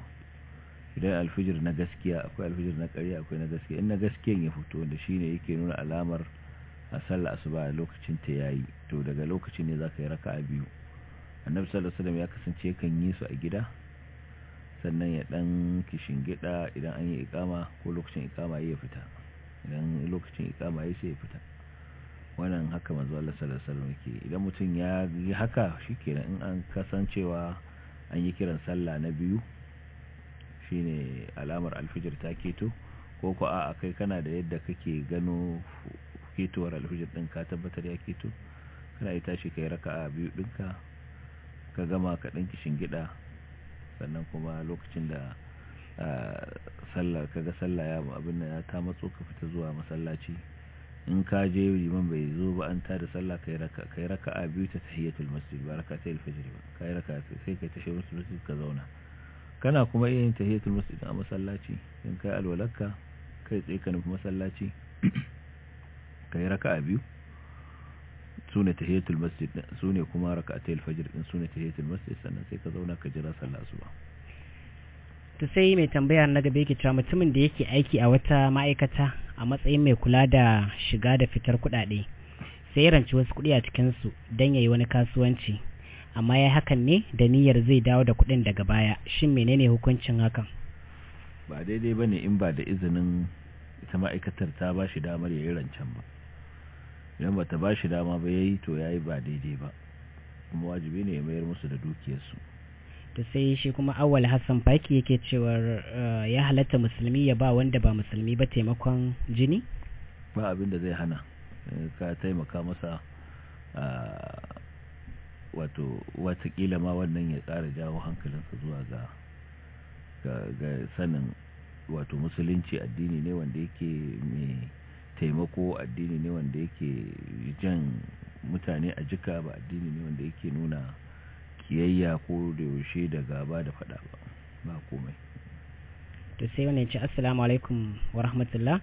idan alfajiri na gaskiya akwai alfajiri na ƙarya akwai na gaskiya in na gaskiyan ya fito wanda shine yake nuna alamar a sallar asuba lokacin ta yayi to daga lokacin ne zaka yi raka'a biyu annabi sallallahu alaihi ya kasance kan yi su a gida sannan ya dan kishin gida idan an yi ikama ko lokacin ikama ya fita idan lokacin ikama ya sai ya fita wannan haka manzo Allah sallallahu alaihi wasallam yake idan mutum ya yi haka shikenan in an kasancewa an yi kiran sallah na biyu shine alamar alfijir ta keto ko ko a kai kana da yadda kake gano ketowar alfijir din ka tabbatar ya keto kana yi tashi kai raka'a biyu dinka ka gama ka dinki shingida sannan kuma lokacin da sallah kaga sallah ya abin da ta matso ka fita zuwa masallaci in ka je liman bai zo ba an tada sallah kai raka kai a biyu ta tahiyatul masjid baraka raka ta alfajr ba kai raka sai kai tashi masjid ka zauna kana kuma iya yin tahiyatul masjid a masallaci in kai alwalaka kai tsaye ka nufi masallaci kai a biyu sune tahiyatul masjid sune kuma raka'a ta alfajr din sune tahiyatul masjid sannan sai ka zauna ka jira sallah asuba to sai mai tambaya na gaba yake cewa mutumin da yake aiki a wata ma'aikata a matsayin mai kula da shiga da fitar kuɗaɗe sai ya ranci wasu kuɗi a cikinsu don ya yi wani kasuwanci amma ya hakan ne da niyyar zai dawo da kuɗin daga baya shin menene hukuncin hakan ba daidai ba ne in ba da izinin ita ma'aikatar ta ba shi damar ya yi rancen ba idan ba ta ba shi dama ba ya yi to ya yi ba daidai ba kuma wajibi ne ya mayar musu da dukiyarsu to sai shi kuma awal hassan faki yake cewa eh, ya halatta musulmi ya ba wanda ba musulmi ba taimakon jini ba abin da zai hana eh, ka taimaka masa eh, wato watakila ma wannan ya tsara jawo hankalinsa zuwa ga ga sanin wato musulunci addini ne wanda yake mai taimako addini ne wanda yake jan mutane a jika ba addini ne wanda yake nuna kiyayya ko da yaushe da gaba da fada ba ba komai to sai wannan ce assalamu alaikum wa rahmatullah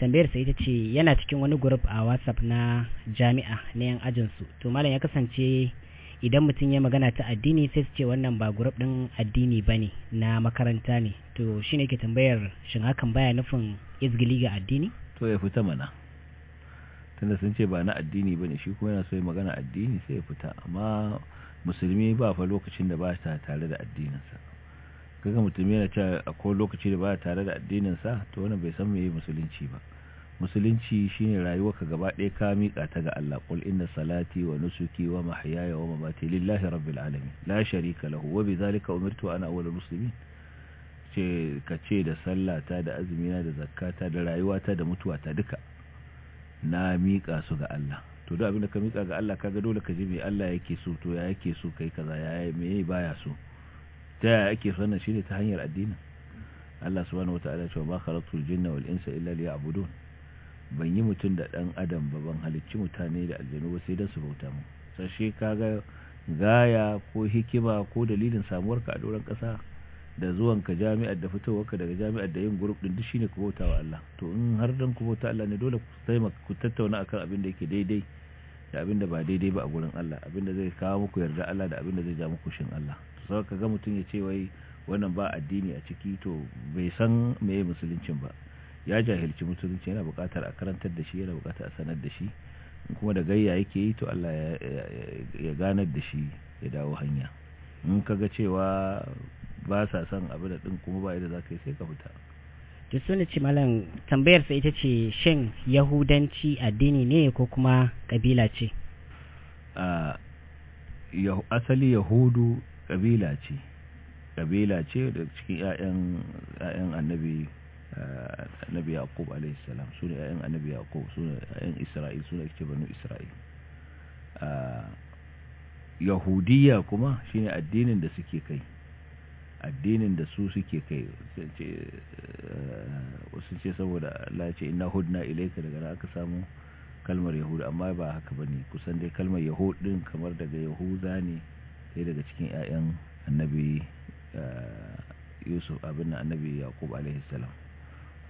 tambayar sai ita ce yana cikin wani group a whatsapp na jami'a na yan ajin su to malam ya kasance idan mutum ya magana ta addini sai su ce wannan ba group din addini bane na makaranta ne to shine ke tambayar shin hakan baya nufin izgili ga addini to ya fita mana tunda sun ce ba na addini bane shi kuma yana so ya magana addini sai ya fita amma musulmi ba fa lokacin da ba ta tare da addininsa kaga mutum yana cewa akwai lokaci da ba tare da addininsa to wannan bai san meye musulunci ba musulunci shine ka gaba ɗaya ka mika ta ga Allah qul inna salati wa nusuki wa mahyaya wa mamati lillahi rabbil alamin la sharika lahu wa bidhalika umirtu ana awwalul muslimin ce ka ce da sallata da azumina da zakata da rayuwata da mutuwata duka na mika su ga Allah to da abin da ka mika ga Allah kaga dole ka ji me Allah yake so to ya yake so kai kaza ya me baya so ta yaya ake so wannan shine ta hanyar addini Allah subhanahu wataala cewa ba khalaqtul jinna wal insa illa liya'budun ban yi mutum da dan adam ba ban halicci mutane da aljanu ba sai dan su bauta mu sashe kaga gaya ko hikima ko dalilin samuwar ka a doron kasa da zuwanka jami'ar da fitowarka daga jami'ar da yin gurup din duk shine ku bauta wa Allah to in har dan ku bauta Allah ne dole ku taimaka ku tattauna akan abin da yake daidai da abin da ba daidai ba a gurin Allah abinda zai kawo muku yarda Allah da abin da zai ja muku shin Allah sau ka mutum ya ce wai wannan ba addini a ciki to bai san meye musuluncin ba ya jahilci musulunci yana buƙatar a karantar da shi yana buƙatar a sanar da shi kuma da gayya yake yi to Allah ya ganar da shi ya dawo hanya in kaga cewa ba sa son abin da ɗin kuma ba yadda za ka yi sai ka fita to suna ce malam tambayar sa ita ce shin yahudanci addini ne ko kuma kabila ce asali yahudu kabila ce kabila ce da cikin 'ya'yan annabi annabi yaqub alayhi salam su ya'yan annabi yaqub su ya'yan isra'il su ke banu isra'il yahudiya kuma shine addinin da suke kai addinin da su suke kai eh, wasu ce saboda Allah ce inna hudna ilaika daga aka samu kalmar yahudu amma ba haka ba ne kusan dai kalmar yahudin kamar daga yahuda ne sai daga cikin 'ya'yan annabi eh, yusuf abin annabi yaqub alaihi salam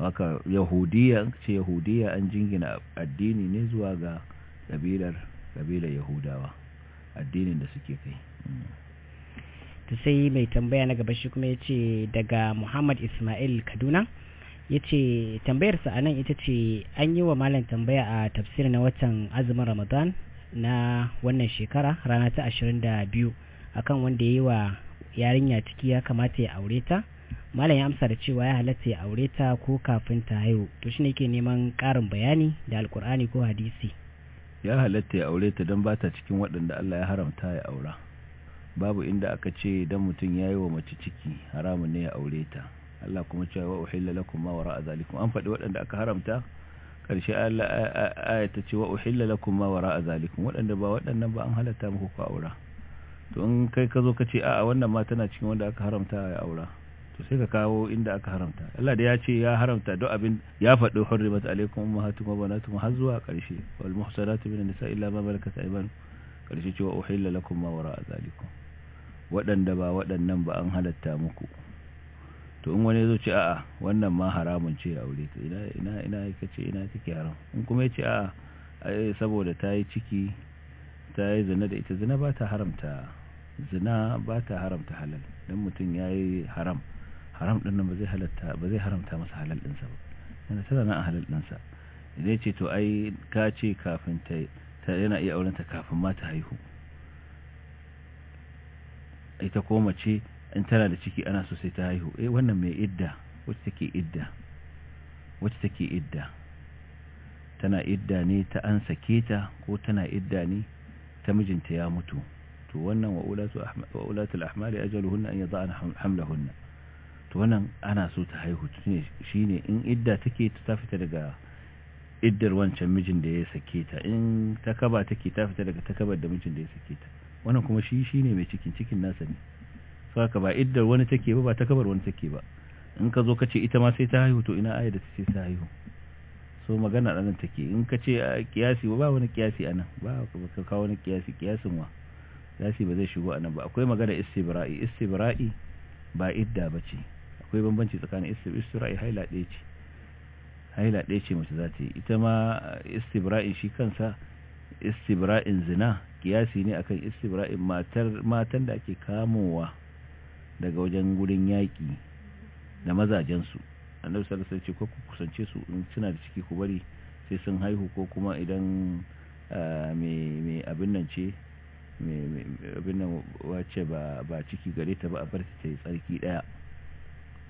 haka yahudiya ce yahudiya an jingina addini ne zuwa ga kabilar kabilar yahudawa addinin da suke kai hmm. to sai mai tambaya na gaba shi kuma ya ce daga muhammad ismail kaduna ya ce tambayarsa a nan ita ce an yi wa malam tambaya a tafsir na watan azumin ramadan na wannan shekara rana ta ashirin da 22 akan wanda ya yi wa yarinya ciki ya kamata ya aure ta malam ya amsa da cewa ya halatta ya aure ta ko kafin ta haihu to shi ne ke neman ƙarin bayani da alkur'ani ko hadisi ya halatta ya aure ta don ba ta cikin waɗanda allah ya haramta ya aura babu inda aka ce dan mutum yayi wa mace ciki haramun ne ya aure ta Allah kuma cewa wa uhilla lakum ma wara'a zalikum an faɗi waɗanda aka haramta karshe aya ta ce wa uhilla lakum ma wara'a zalikum waɗanda ba waɗannan ba an halatta muku ku aura to in kai ka zo ka ce a'a wannan ma tana cikin wanda aka haramta ya aura to sai ka kawo inda aka haramta Allah da ya ce ya haramta duk abin ya faɗo hurrimat alaikum ummahatukum wa banatukum har zuwa karshe wal muhsanatu minan nisa illa ma malakat aymanukum karshe ce wa uhilla lakum ma wara'a zalikum waɗanda ba waɗannan ba an halatta muku to in wani zo ce a'a wannan ma haramun ce aure ta ina ina ina ce ina take haram in kuma yace a'a saboda ta yi ciki ta yi zina da ita zina ba ta haramta zina ba ta haramta halal dan mutum yayi haram haram din nan ba zai haramta masa halal din sa ba yana tana nan halal din sa idan yace to ai ka ce kafin ta yana iya aurenta kafin ma ta haihu ita ko mace in tana da ciki ana so sai ta haihu eh wannan mai idda wacce take idda wacce take idda tana idda ne ta an sake ta ko tana idda ne ta mijinta ya mutu to wannan wa ulatu ahmad wa ulatu al-ahmali ajaluhunna an yada'na hamlahunna to wannan ana so ta haihu shine in idda take ta fita daga iddar wancan mijin da ya sake ta in takaba take ta fita daga takabar da mijin da ya sake ta wannan kuma shi shi ne mai cikin cikin nasa ne haka ba iddar wani take ba ba ta kabar wani take ba in ka zo ka ce ita ma sai ta haihu to ina ayar da ta ce ta haihu so magana ɗanan take in ka ce ah, kiyasi ba wani kiyasi anan ba ka kawo wani kiyasi kiyasin wa kiyasi ba zai shigo anan ba akwai magana istibra'i istibra'i ba idda ba ce. akwai bambanci tsakanin istibra'i haila ɗaya ce haila ɗaya ce mace za ta yi ita ma istibra'in shi kansa istibra'in zina kiyasi ne akan istibra'in matar matan da ake kamowa daga wajen gurin yaƙi da mazajensu annabi sallallahu alaihi wasallam ce ku kusance su in suna da ciki ku bari sai sun haihu ko kuma idan ah, mai abin nan ce abin nan wace ba ciki gare ta ba a bar ta yi tsarki daya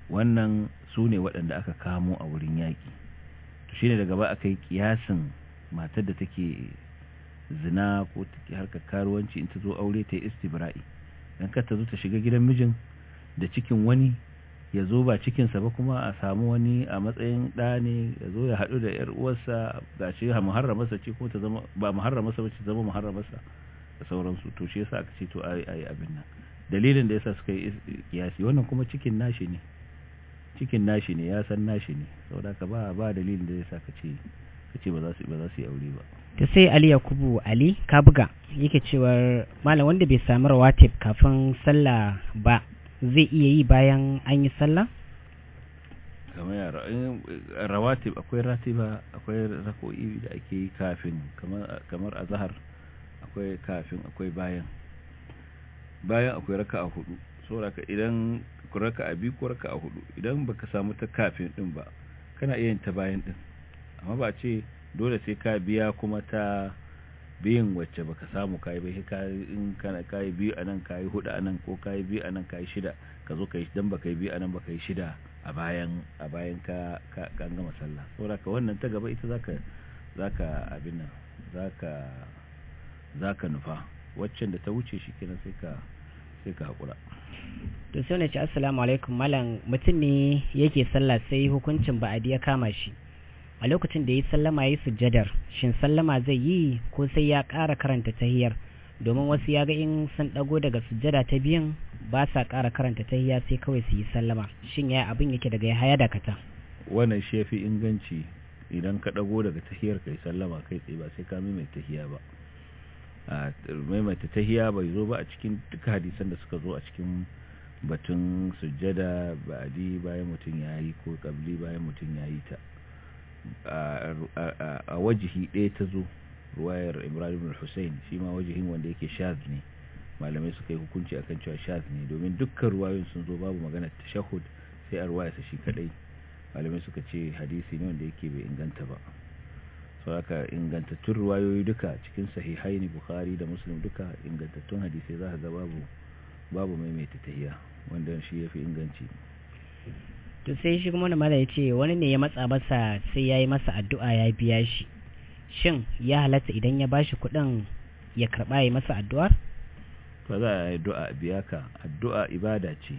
wannan su ne waɗanda aka kamo a wurin yaƙi to shine daga ba aka yi kiyasin matar da take zina ko take harkar karuwanci in ta zo aure ta yi istibra'i dan kar ta zo ta shiga gidan mijin da cikin wani ya zo ba cikinsa ba kuma a samu wani a matsayin ɗa ne ya zo ya haɗu da 'yar uwarsa ga ce muharramarsa ce ko ta zama ba muharramarsa ba ce zama muharramarsa da sauransu to shi yasa aka ce to a yi abin nan dalilin da yasa suka yi kiyasi wannan kuma cikin nashi ne cikin nashi ne ya san nashi ne saboda ka ba ba dalilin da yasa ka ce ka ce ba za su ba za su yi aure ba ta sai ali ya kubu ali ka buga yake cewar malam wanda bai sami rawatib kafin sallah ba zai iya yi bayan an yi sallah kamar eh, rawatib akwai ratiba akwai rako'i da ake yi kafin kamar a zahar akwai kafin akwai bayan bayan akwai raka a hudu sauraka idan raka a biyu ko raka a hudu idan baka samu ta kafin din ba kana iya yin ta bayan din amma ba ce dole sai ka biya kuma ta biyin wacce baka samu kayi bai kai in kana kai biyu anan kayi hudu anan ko kai biyu anan kayi shida ka zo kai dan baka yi biyu anan baka yi shida a bayan a bayan ka ka gama sallah saboda ka wannan ta gaba ita zaka zaka abin nan zaka zaka nufa waccan da ta wuce kenan sai ka sai ka hakura to sai ne ci assalamu alaikum malam mutum ne yake sallah sai hukuncin ba'adi ya kama shi a lokacin da ya yi sallama ya yi sujjadar shin sallama zai yi ko sai ya kara karanta tahiyar domin wasu ya ga in sun ɗago daga sujjada ta biyan ba sa ƙara karanta tahiya sai kawai su yi sallama shin ya abin yake daga ya haya dakata wannan shi fi inganci idan ka ɗago daga tahiyar kai sallama kai tsaye ba sai ka maimaita tahiya ba a maimaita tahiya bai zo ba a cikin duk hadisan da suka zo a cikin batun sujjada ba'adi bayan mutum ya yi ko kabli bayan mutum ya yi ta a wajihi ɗaya ta zo ruwayar ibrahim ibn hussein shi ma wajihin wanda yake shaz ne malamai suka yi hukunci akan cewa shaz ne domin dukkan ruwayoyin sun zo babu magana ta shahud sai a sa shi kadai malamai suka ce hadisi ne wanda yake bai inganta ba sau aka ingantattun ruwayoyi duka cikin sahihai ne bukari da muslim duka ingantattun hadisai za a ga babu maimaita tahiya wanda shi ya fi inganci to sai shi kuma wanda ya ce wani ne ya matsa masa sai ya yi masa addu'a ya biya shi shin ya halatta idan ya bashi kuɗin ya karɓa ya yi masa addu'ar ba za a yi addu'a a biya ka addu'a ibada ce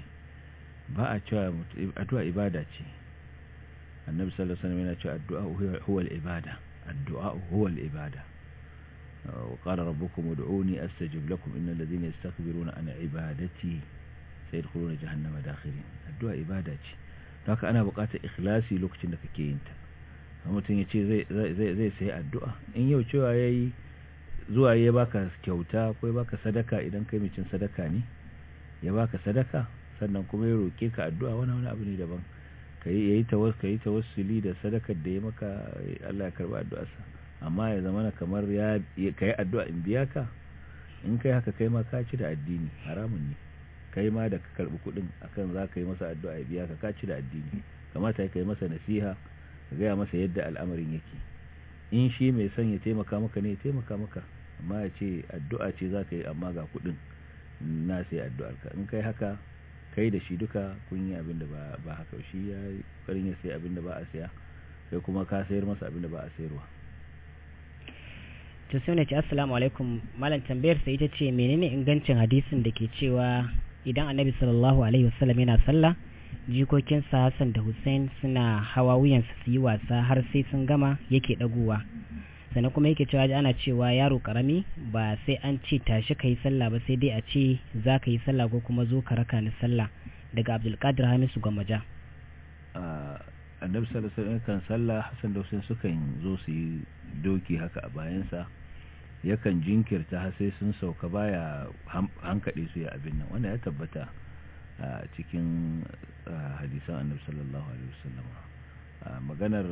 ba a cewa addu'a ibada ce annabi sallallahu alaihi wasallam yana cewa addu'a huwal ibada addu'a huwal ibada وقال ربكم ادعوني استجب لكم ان الذين يستكبرون عن عبادتي سيدخلون جهنم داخرين الدعاء عباده haka ana bukatar ikhlasi lokacin da kake yin ta mutum ya ce zai sai addu'a in yau cewa ya yi zuwa ya baka kyauta ko ya baka sadaka idan kai micin sadaka ne ya baka sadaka sannan kuma ya roke ka addu'a wani wani abu ne daban ka yi tawassuli da sadakar da ya maka Allah ya karba addu'arsa amma ya zama kamar ya yi addu'a in biya ka in kai haka kai ma ka ci da addini haramun ne kai ma da ka karbi kuɗin akan za ka yi masa addu'a ya biya ka ka ci da addini kamata ka yi masa nasiha ka gaya masa yadda al'amarin yake in shi mai son ya taimaka maka ne ya taimaka maka amma ya ce addu'a ce za ka yi amma ga kuɗin na sai addu'ar ka in kai haka kai da shi duka kun yi abin da ba haka shi ya karin ya sai abin da ba a saya kai kuma ka sayar masa abin da ba a sayarwa to sai ne ce assalamu alaikum malam tambayar sai ita ce menene ingancin hadisin da ke cewa idan annabi sallallahu alaihi wasallam yana sallah jikokinsa hassan da hussein suna hawa wuyansa su yi wasa har sai sun gama yake dagowa sannan kuma yake cewa ana cewa yaro karami ba sai an ce tashi ka sallah ba sai dai a ce za ka yi sallah ko kuma zo ka raka ni sallah daga qadir hamisu gwamaja annabi sallallahu alaihi wasallam kan sallah hassan da hussein sukan zo su yi doki haka a bayansa yakan jinkirta har sai sun sauka baya hankali su ya abin nan wanda ya tabbata a cikin hadisan annabi sallallahu alaihi wasallam maganar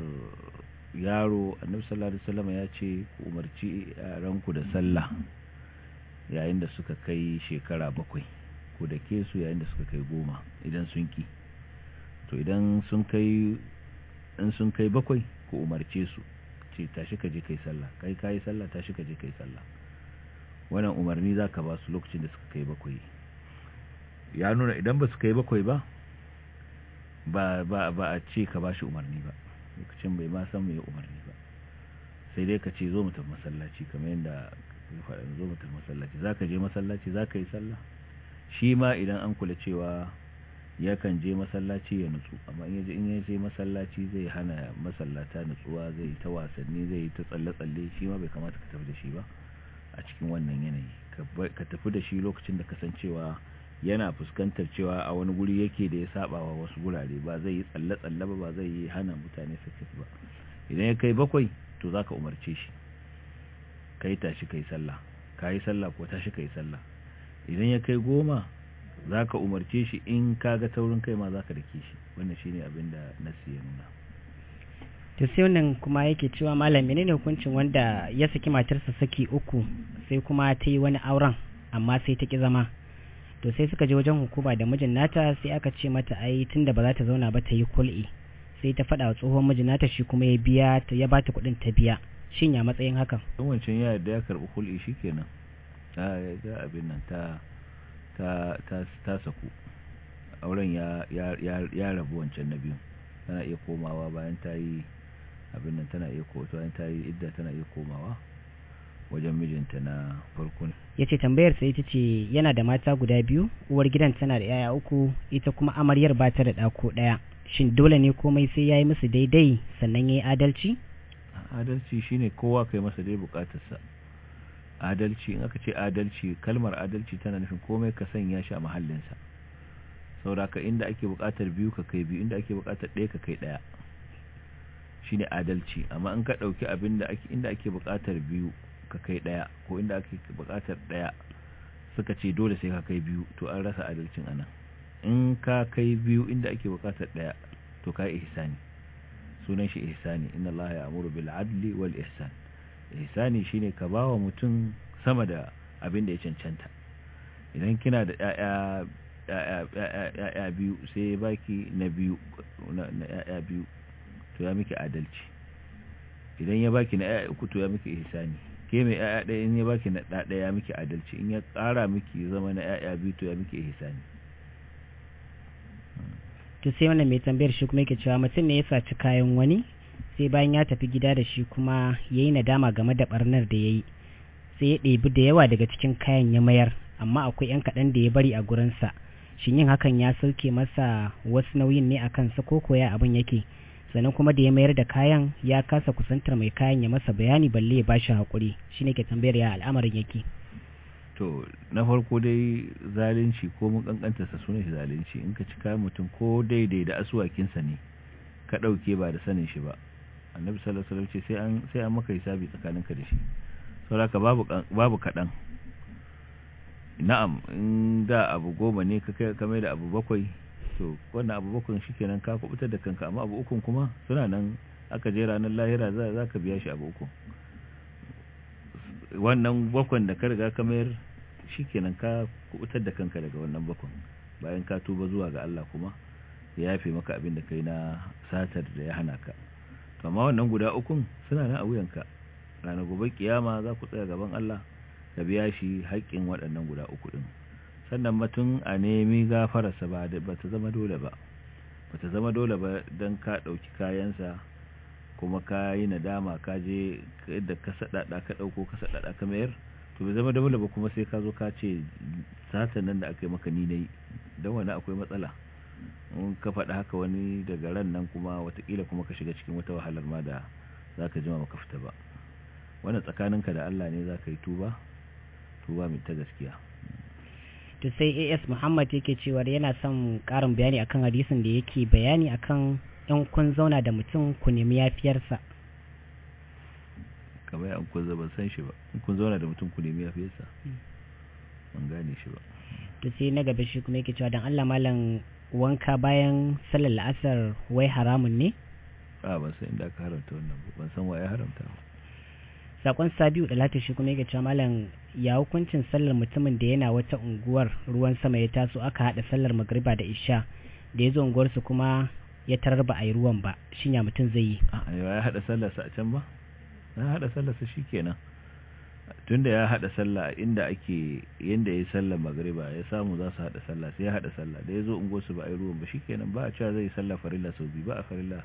yaro annabi sallallahu alaihi wasallam ya ce ku umarci ranku da sallah yayin da suka kai shekara bakwai ku da ke su yayin da suka kai goma idan sun ki to idan sun kai in sun kai bakwai ku umarce su ce tashi ka je kai sallah kai yi sallah tashi ka je kai sallah wannan umarni zaka ba su lokacin da suka kai bakwai ya nuna idan ba su kai bakwai ba ba a ce ka ba shi umarni ba lokacin bai ma san mai umarni ba sai dai ka ce zo mu tafi masallaci kamar yadda ya faɗa zo mu tafi masallaci ka je masallaci Za ka yi sallah shi ma idan an kula cewa yakan je masallaci ya nutsu amma in yaje in ya yaje masallaci zai hana masallata nutsuwa zai ta wasanni zai ta tsalle-tsalle shi ma bai kamata ka tafi da shi ba a cikin wannan yanayi ka tafi da shi lokacin da kasancewa yana fuskantar cewa a wani guri yake da ya saba wa wasu gurare ba zai yi tsalle-tsalle ba ba zai yi hana mutane sakit ba idan ya kai bakwai to za ka umarce shi ka yi tashi ka yi sallah ka yi sallah ko tashi ka yi sallah idan ya kai goma za ka umarce shi in ka ga taurin kai ma za ka rike shi wannan shi ne abin da nasi ya nuna to sai wannan kuma yake cewa malam ne hukuncin wanda ya saki matarsa saki uku sai kuma ta yi wani auren amma sai ta ki zama to sai suka je wajen hukuma da mijin nata sai aka ce mata ai tunda ba za ta zauna ba ta yi kul'i sai ta faɗa wa tsohon mijin nata shi kuma ya biya ya bata kuɗin ta biya shin ya matsayin hakan wancan ya yarda ya karɓi kul'i shikenan ya ga abin nan ta ta saku auren ya rabu wancan na biyu tana iya komawa bayan ta yi abin nan tana iya komawa bayan ta yi idda tana iya komawa wajen mijinta na farko ya ce tambayar sai ita ce yana da mata guda biyu uwar gidan tana da yaya uku ita kuma amaryar ba ta da ko ɗaya shin dole ne komai sai ya yi musu daidai sannan ya yi adalci adalci shine kowa kai masa dai bukatarsa adalci in aka ce adalci kalmar adalci tana nufin komai ka sanya shi a mahallinsa sauraka inda ake bukatar biyu ka kai biyu inda ake bukatar ɗaya ka kai ɗaya shine adalci amma in ka ɗauki abin da ake inda ake bukatar biyu ka kai ɗaya ko inda ake bukatar ɗaya suka ce dole sai ka kai biyu to an rasa adalcin anan in ka kai biyu inda ake bukatar ɗaya to ka yi ihsani sunan shi ihsani inna allaha ya'muru bil adli wal ihsan ihsani shine ka bawa mutum sama da abin da ya cancanta idan kina da ya'ya biyu sai ya baki na biyu na ya'ya biyu to ya miki adalci idan ya baki na ya'ya uku to ya miki ihsani ke mai ya'ya ɗaya in ya baki na ɗaya ya miki adalci in ya ƙara miki zama na ya'ya biyu to ya miki ihsani to sai wannan mai tambayar shi kuma yake cewa mutum ne ya saci kayan wani sai bayan ya tafi gida da shi kuma ya yi nadama game da barnar da ya yi sai ya ɗebi da yawa daga cikin kayan ya mayar amma akwai 'yan kaɗan da ya bari a gurinsa shin yin hakan ya sauke masa wasu nauyin ne a kansa ko koya abin yake sannan kuma da ya mayar da kayan ya kasa kusantar mai kayan ya masa bayani balle ya bashi haƙuri shine ke tambayar ya al'amarin yake to na farko dai zalunci ko mun kankanta sa sune zalunci in ka ci kayan mutum ko daidai da asuwakinsa ne ka ɗauke ba da sanin shi ba annabi sallallahu alaihi wasallam sai an sai an maka hisabi tsakanin ka da shi saboda babu babu kadan na'am in da abu goma ne ka kai mai da abu bakwai to wannan abu bakwai shikenan ka kubutar da kanka amma abu ukun kuma suna nan aka je ranar lahira za za ka biya shi abu uku wannan bakwan da ka riga ka mayar shikenan ka kubutar da kanka daga wannan bakwan bayan ka tuba zuwa ga Allah kuma ya yafe maka abin da kai na satar da ya hana ka kama wannan guda ukun suna nan a ka ranar gobe kiyama za ku tsaya gaban Allah da biya shi haƙƙin waɗannan guda uku ɗin sannan mutum a nemi gafararsa ba ta zama dole ba ba ta zama dole ba don ka ɗauki kayansa kuma ka yi nadama ka je da ka saɗaɗa ka ɗauko ka saɗaɗa ka mayar to bai zama dole ba kuma sai ka zo ka ce satan nan da aka yi maka ni na yi don wani akwai matsala in ka faɗi haka wani daga ran nan kuma watakila kuma ka shiga cikin wata wahalar ma da za ka jima maka fita ba wannan tsakaninka da Allah ne za ka yi tuba tuba mai ta gaskiya to sai as muhammad yake cewa yana son ƙarin bayani akan hadisin da yake bayani akan in kun zauna da mutum ku nemi yafiyarsa kamar an kun zaba san shi ba in kun zauna da mutum ku nemi yafiyarsa hmm. ban gane shi ba to sai na gaba shi kuma yake cewa dan Allah malam wanka bayan sallar la'asar wai haramun ne? a ban san inda ka haramta wannan ban san waye haramta sakon sabiu da lati shi kuma yake cewa malam ya hukuncin sallar mutumin da yana wata unguwar ruwan sama ya taso aka haɗa sallar magariba da isha da ya zo unguwar su kuma ya tarar ba a yi ruwan ba shin ya mutum zai yi a ya hada sallar a can ba ya hada sallar sa shikenan tunda ya hada sallah inda ake yanda yayi sallar magriba ya samu za su hada sallah sai ya hada sallah da yazo ungo su ba ai ruwan ba shikenan ba a cewa zai sallah farilla sau biyu ba a farilla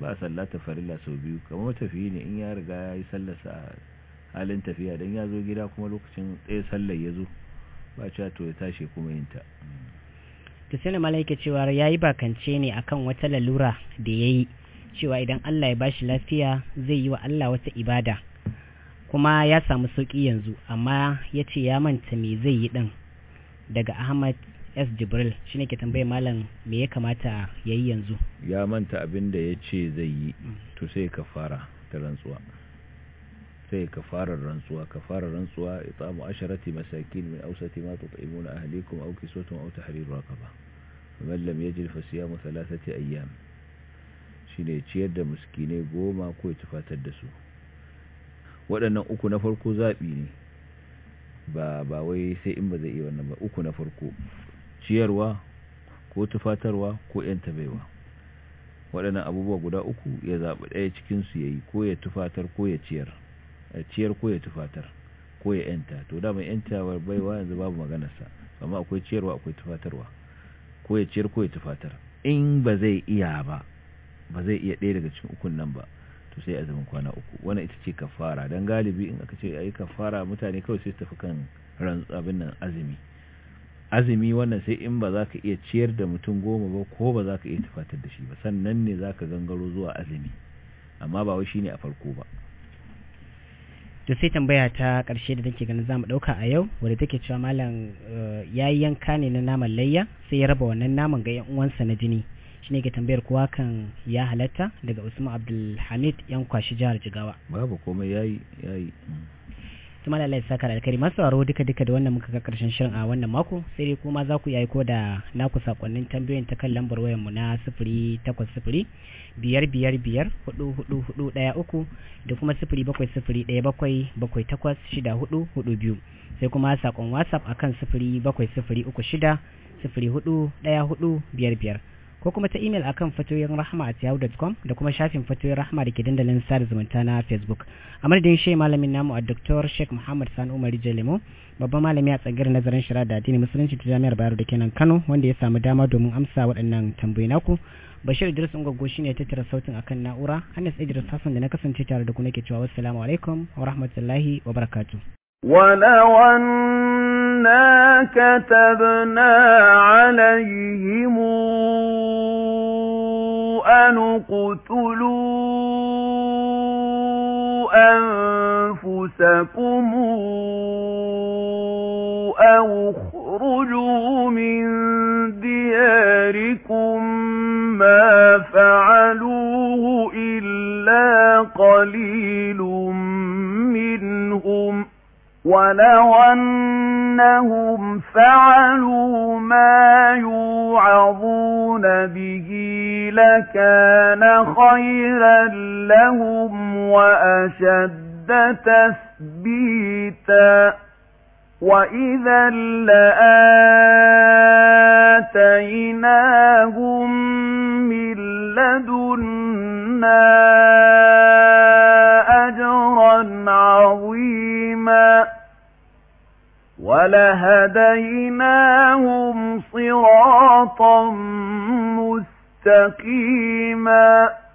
ba a sallata farilla sau biyu kamar tafiyi ne in ya riga ya yi sallar sa halin tafiya dan ya zo gida kuma lokacin ɗaya sallar ya zo ba a cewa to ya tashi kuma yin ta to malaika cewa yayi bakance ne akan wata lalura da yayi cewa idan Allah ya bashi lafiya zai yi wa Allah wata ibada kuma ya samu sauki yanzu amma ya ce ya manta me zai yi ɗin daga ahmad s jibril shine ke tambaye malam me ya kamata ya yi yanzu ya manta abin da ya ce zai yi mm. to sai ka fara ta rantsuwa sai ka fara rantsuwa ka fara rantsuwa tsamu asharati masakin a awsati ma tut'imuna ahlikum aw kiswatuhum aw ba mallam ya lam siya mu siyamu thalathati ayyam shine ciyar da muskine goma ko tufatar da su waɗannan uku na farko zaɓi ne ba ba wai sai in ba zai iya wannan ba uku na farko ciyarwa ko tufatarwa ko yanta baiwa waɗannan abubuwa guda uku ya zaɓi ɗaya cikin su yayi ko ya tufatar ko ya ciyar a ciyar ko ya tufatar ko ya yanta to da mai baiwa yanzu babu maganarsa amma akwai ciyarwa akwai tufatarwa ko ya ciyar ko ya tufatar in ba zai iya ba ba zai iya ɗaya daga cikin ukun nan ba to sai azumin kwana uku wannan ita ce kafara dan galibi in aka ce ayi kafara mutane kawai sai su tafi kan rantsu abin nan azumi azumi wannan sai in ba za ka iya ciyar da mutum goma ba ko ba za ka iya tufatar da shi ba sannan ne za ka gangaro zuwa azumi amma ba wai shine a farko ba to sai tambaya ta karshe da take ganin zamu dauka a yau wanda take cewa malam eh, yayi yanka ne na naman layya sai ya raba wannan naman ga yan uwansa na jini ne ke tambayar kuwa kan ya halatta daga Usman Abdulhamid yan kwashi jihar Jigawa babu komai yayi yayi tuma da ya sakar alkari masu sauraro duka duka da wannan muka ga karshen shirin a wannan mako sai dai kuma za ku yayi ko da naku sakonnin tambayoyin ta kan lambar wayar mu na 0800 biyar biyar biyar hudu da kuma sifiri bakwai sifiri daya bakwai bakwai takwas shida sai kuma sakon whatsapp akan sifiri bakwai sifiri uku ko kuma ta imel akan fatoyin rahma a com da kuma shafin fatoyin rahama da ke dandalin sada zumunta na facebook a madadin shi malamin namu a dr sheikh muhammad sani umar lemo babban malami a tsangirar nazarin shirar da addini musulunci ta jami'ar bayero da kenan kano wanda ya samu dama domin amsa waɗannan tambayi naku bashir idris ungwaggo shine tattara sautin akan na'ura hannes idris hassan da na kasance tare da ku nake cewa wassalamu alaikum wa rahmatullahi wa barakatu. ولو إِنَّا كَتَبْنَا عَلَيْهِمْ أَنِ اقْتُلُوا أَنفُسَكُمْ أَوْ اخْرُجُوا مِن دِيَارِكُمْ مَا فَعَلُوهُ إِلَّا قَلِيلٌ مِنْهُمْ ولو أنهم فعلوا ما يوعظون به لكان خيرا لهم وأشد تثبيتا وإذا لآتيناهم من لدنا أجرا عظيما ولهديناهم صراطا مستقيما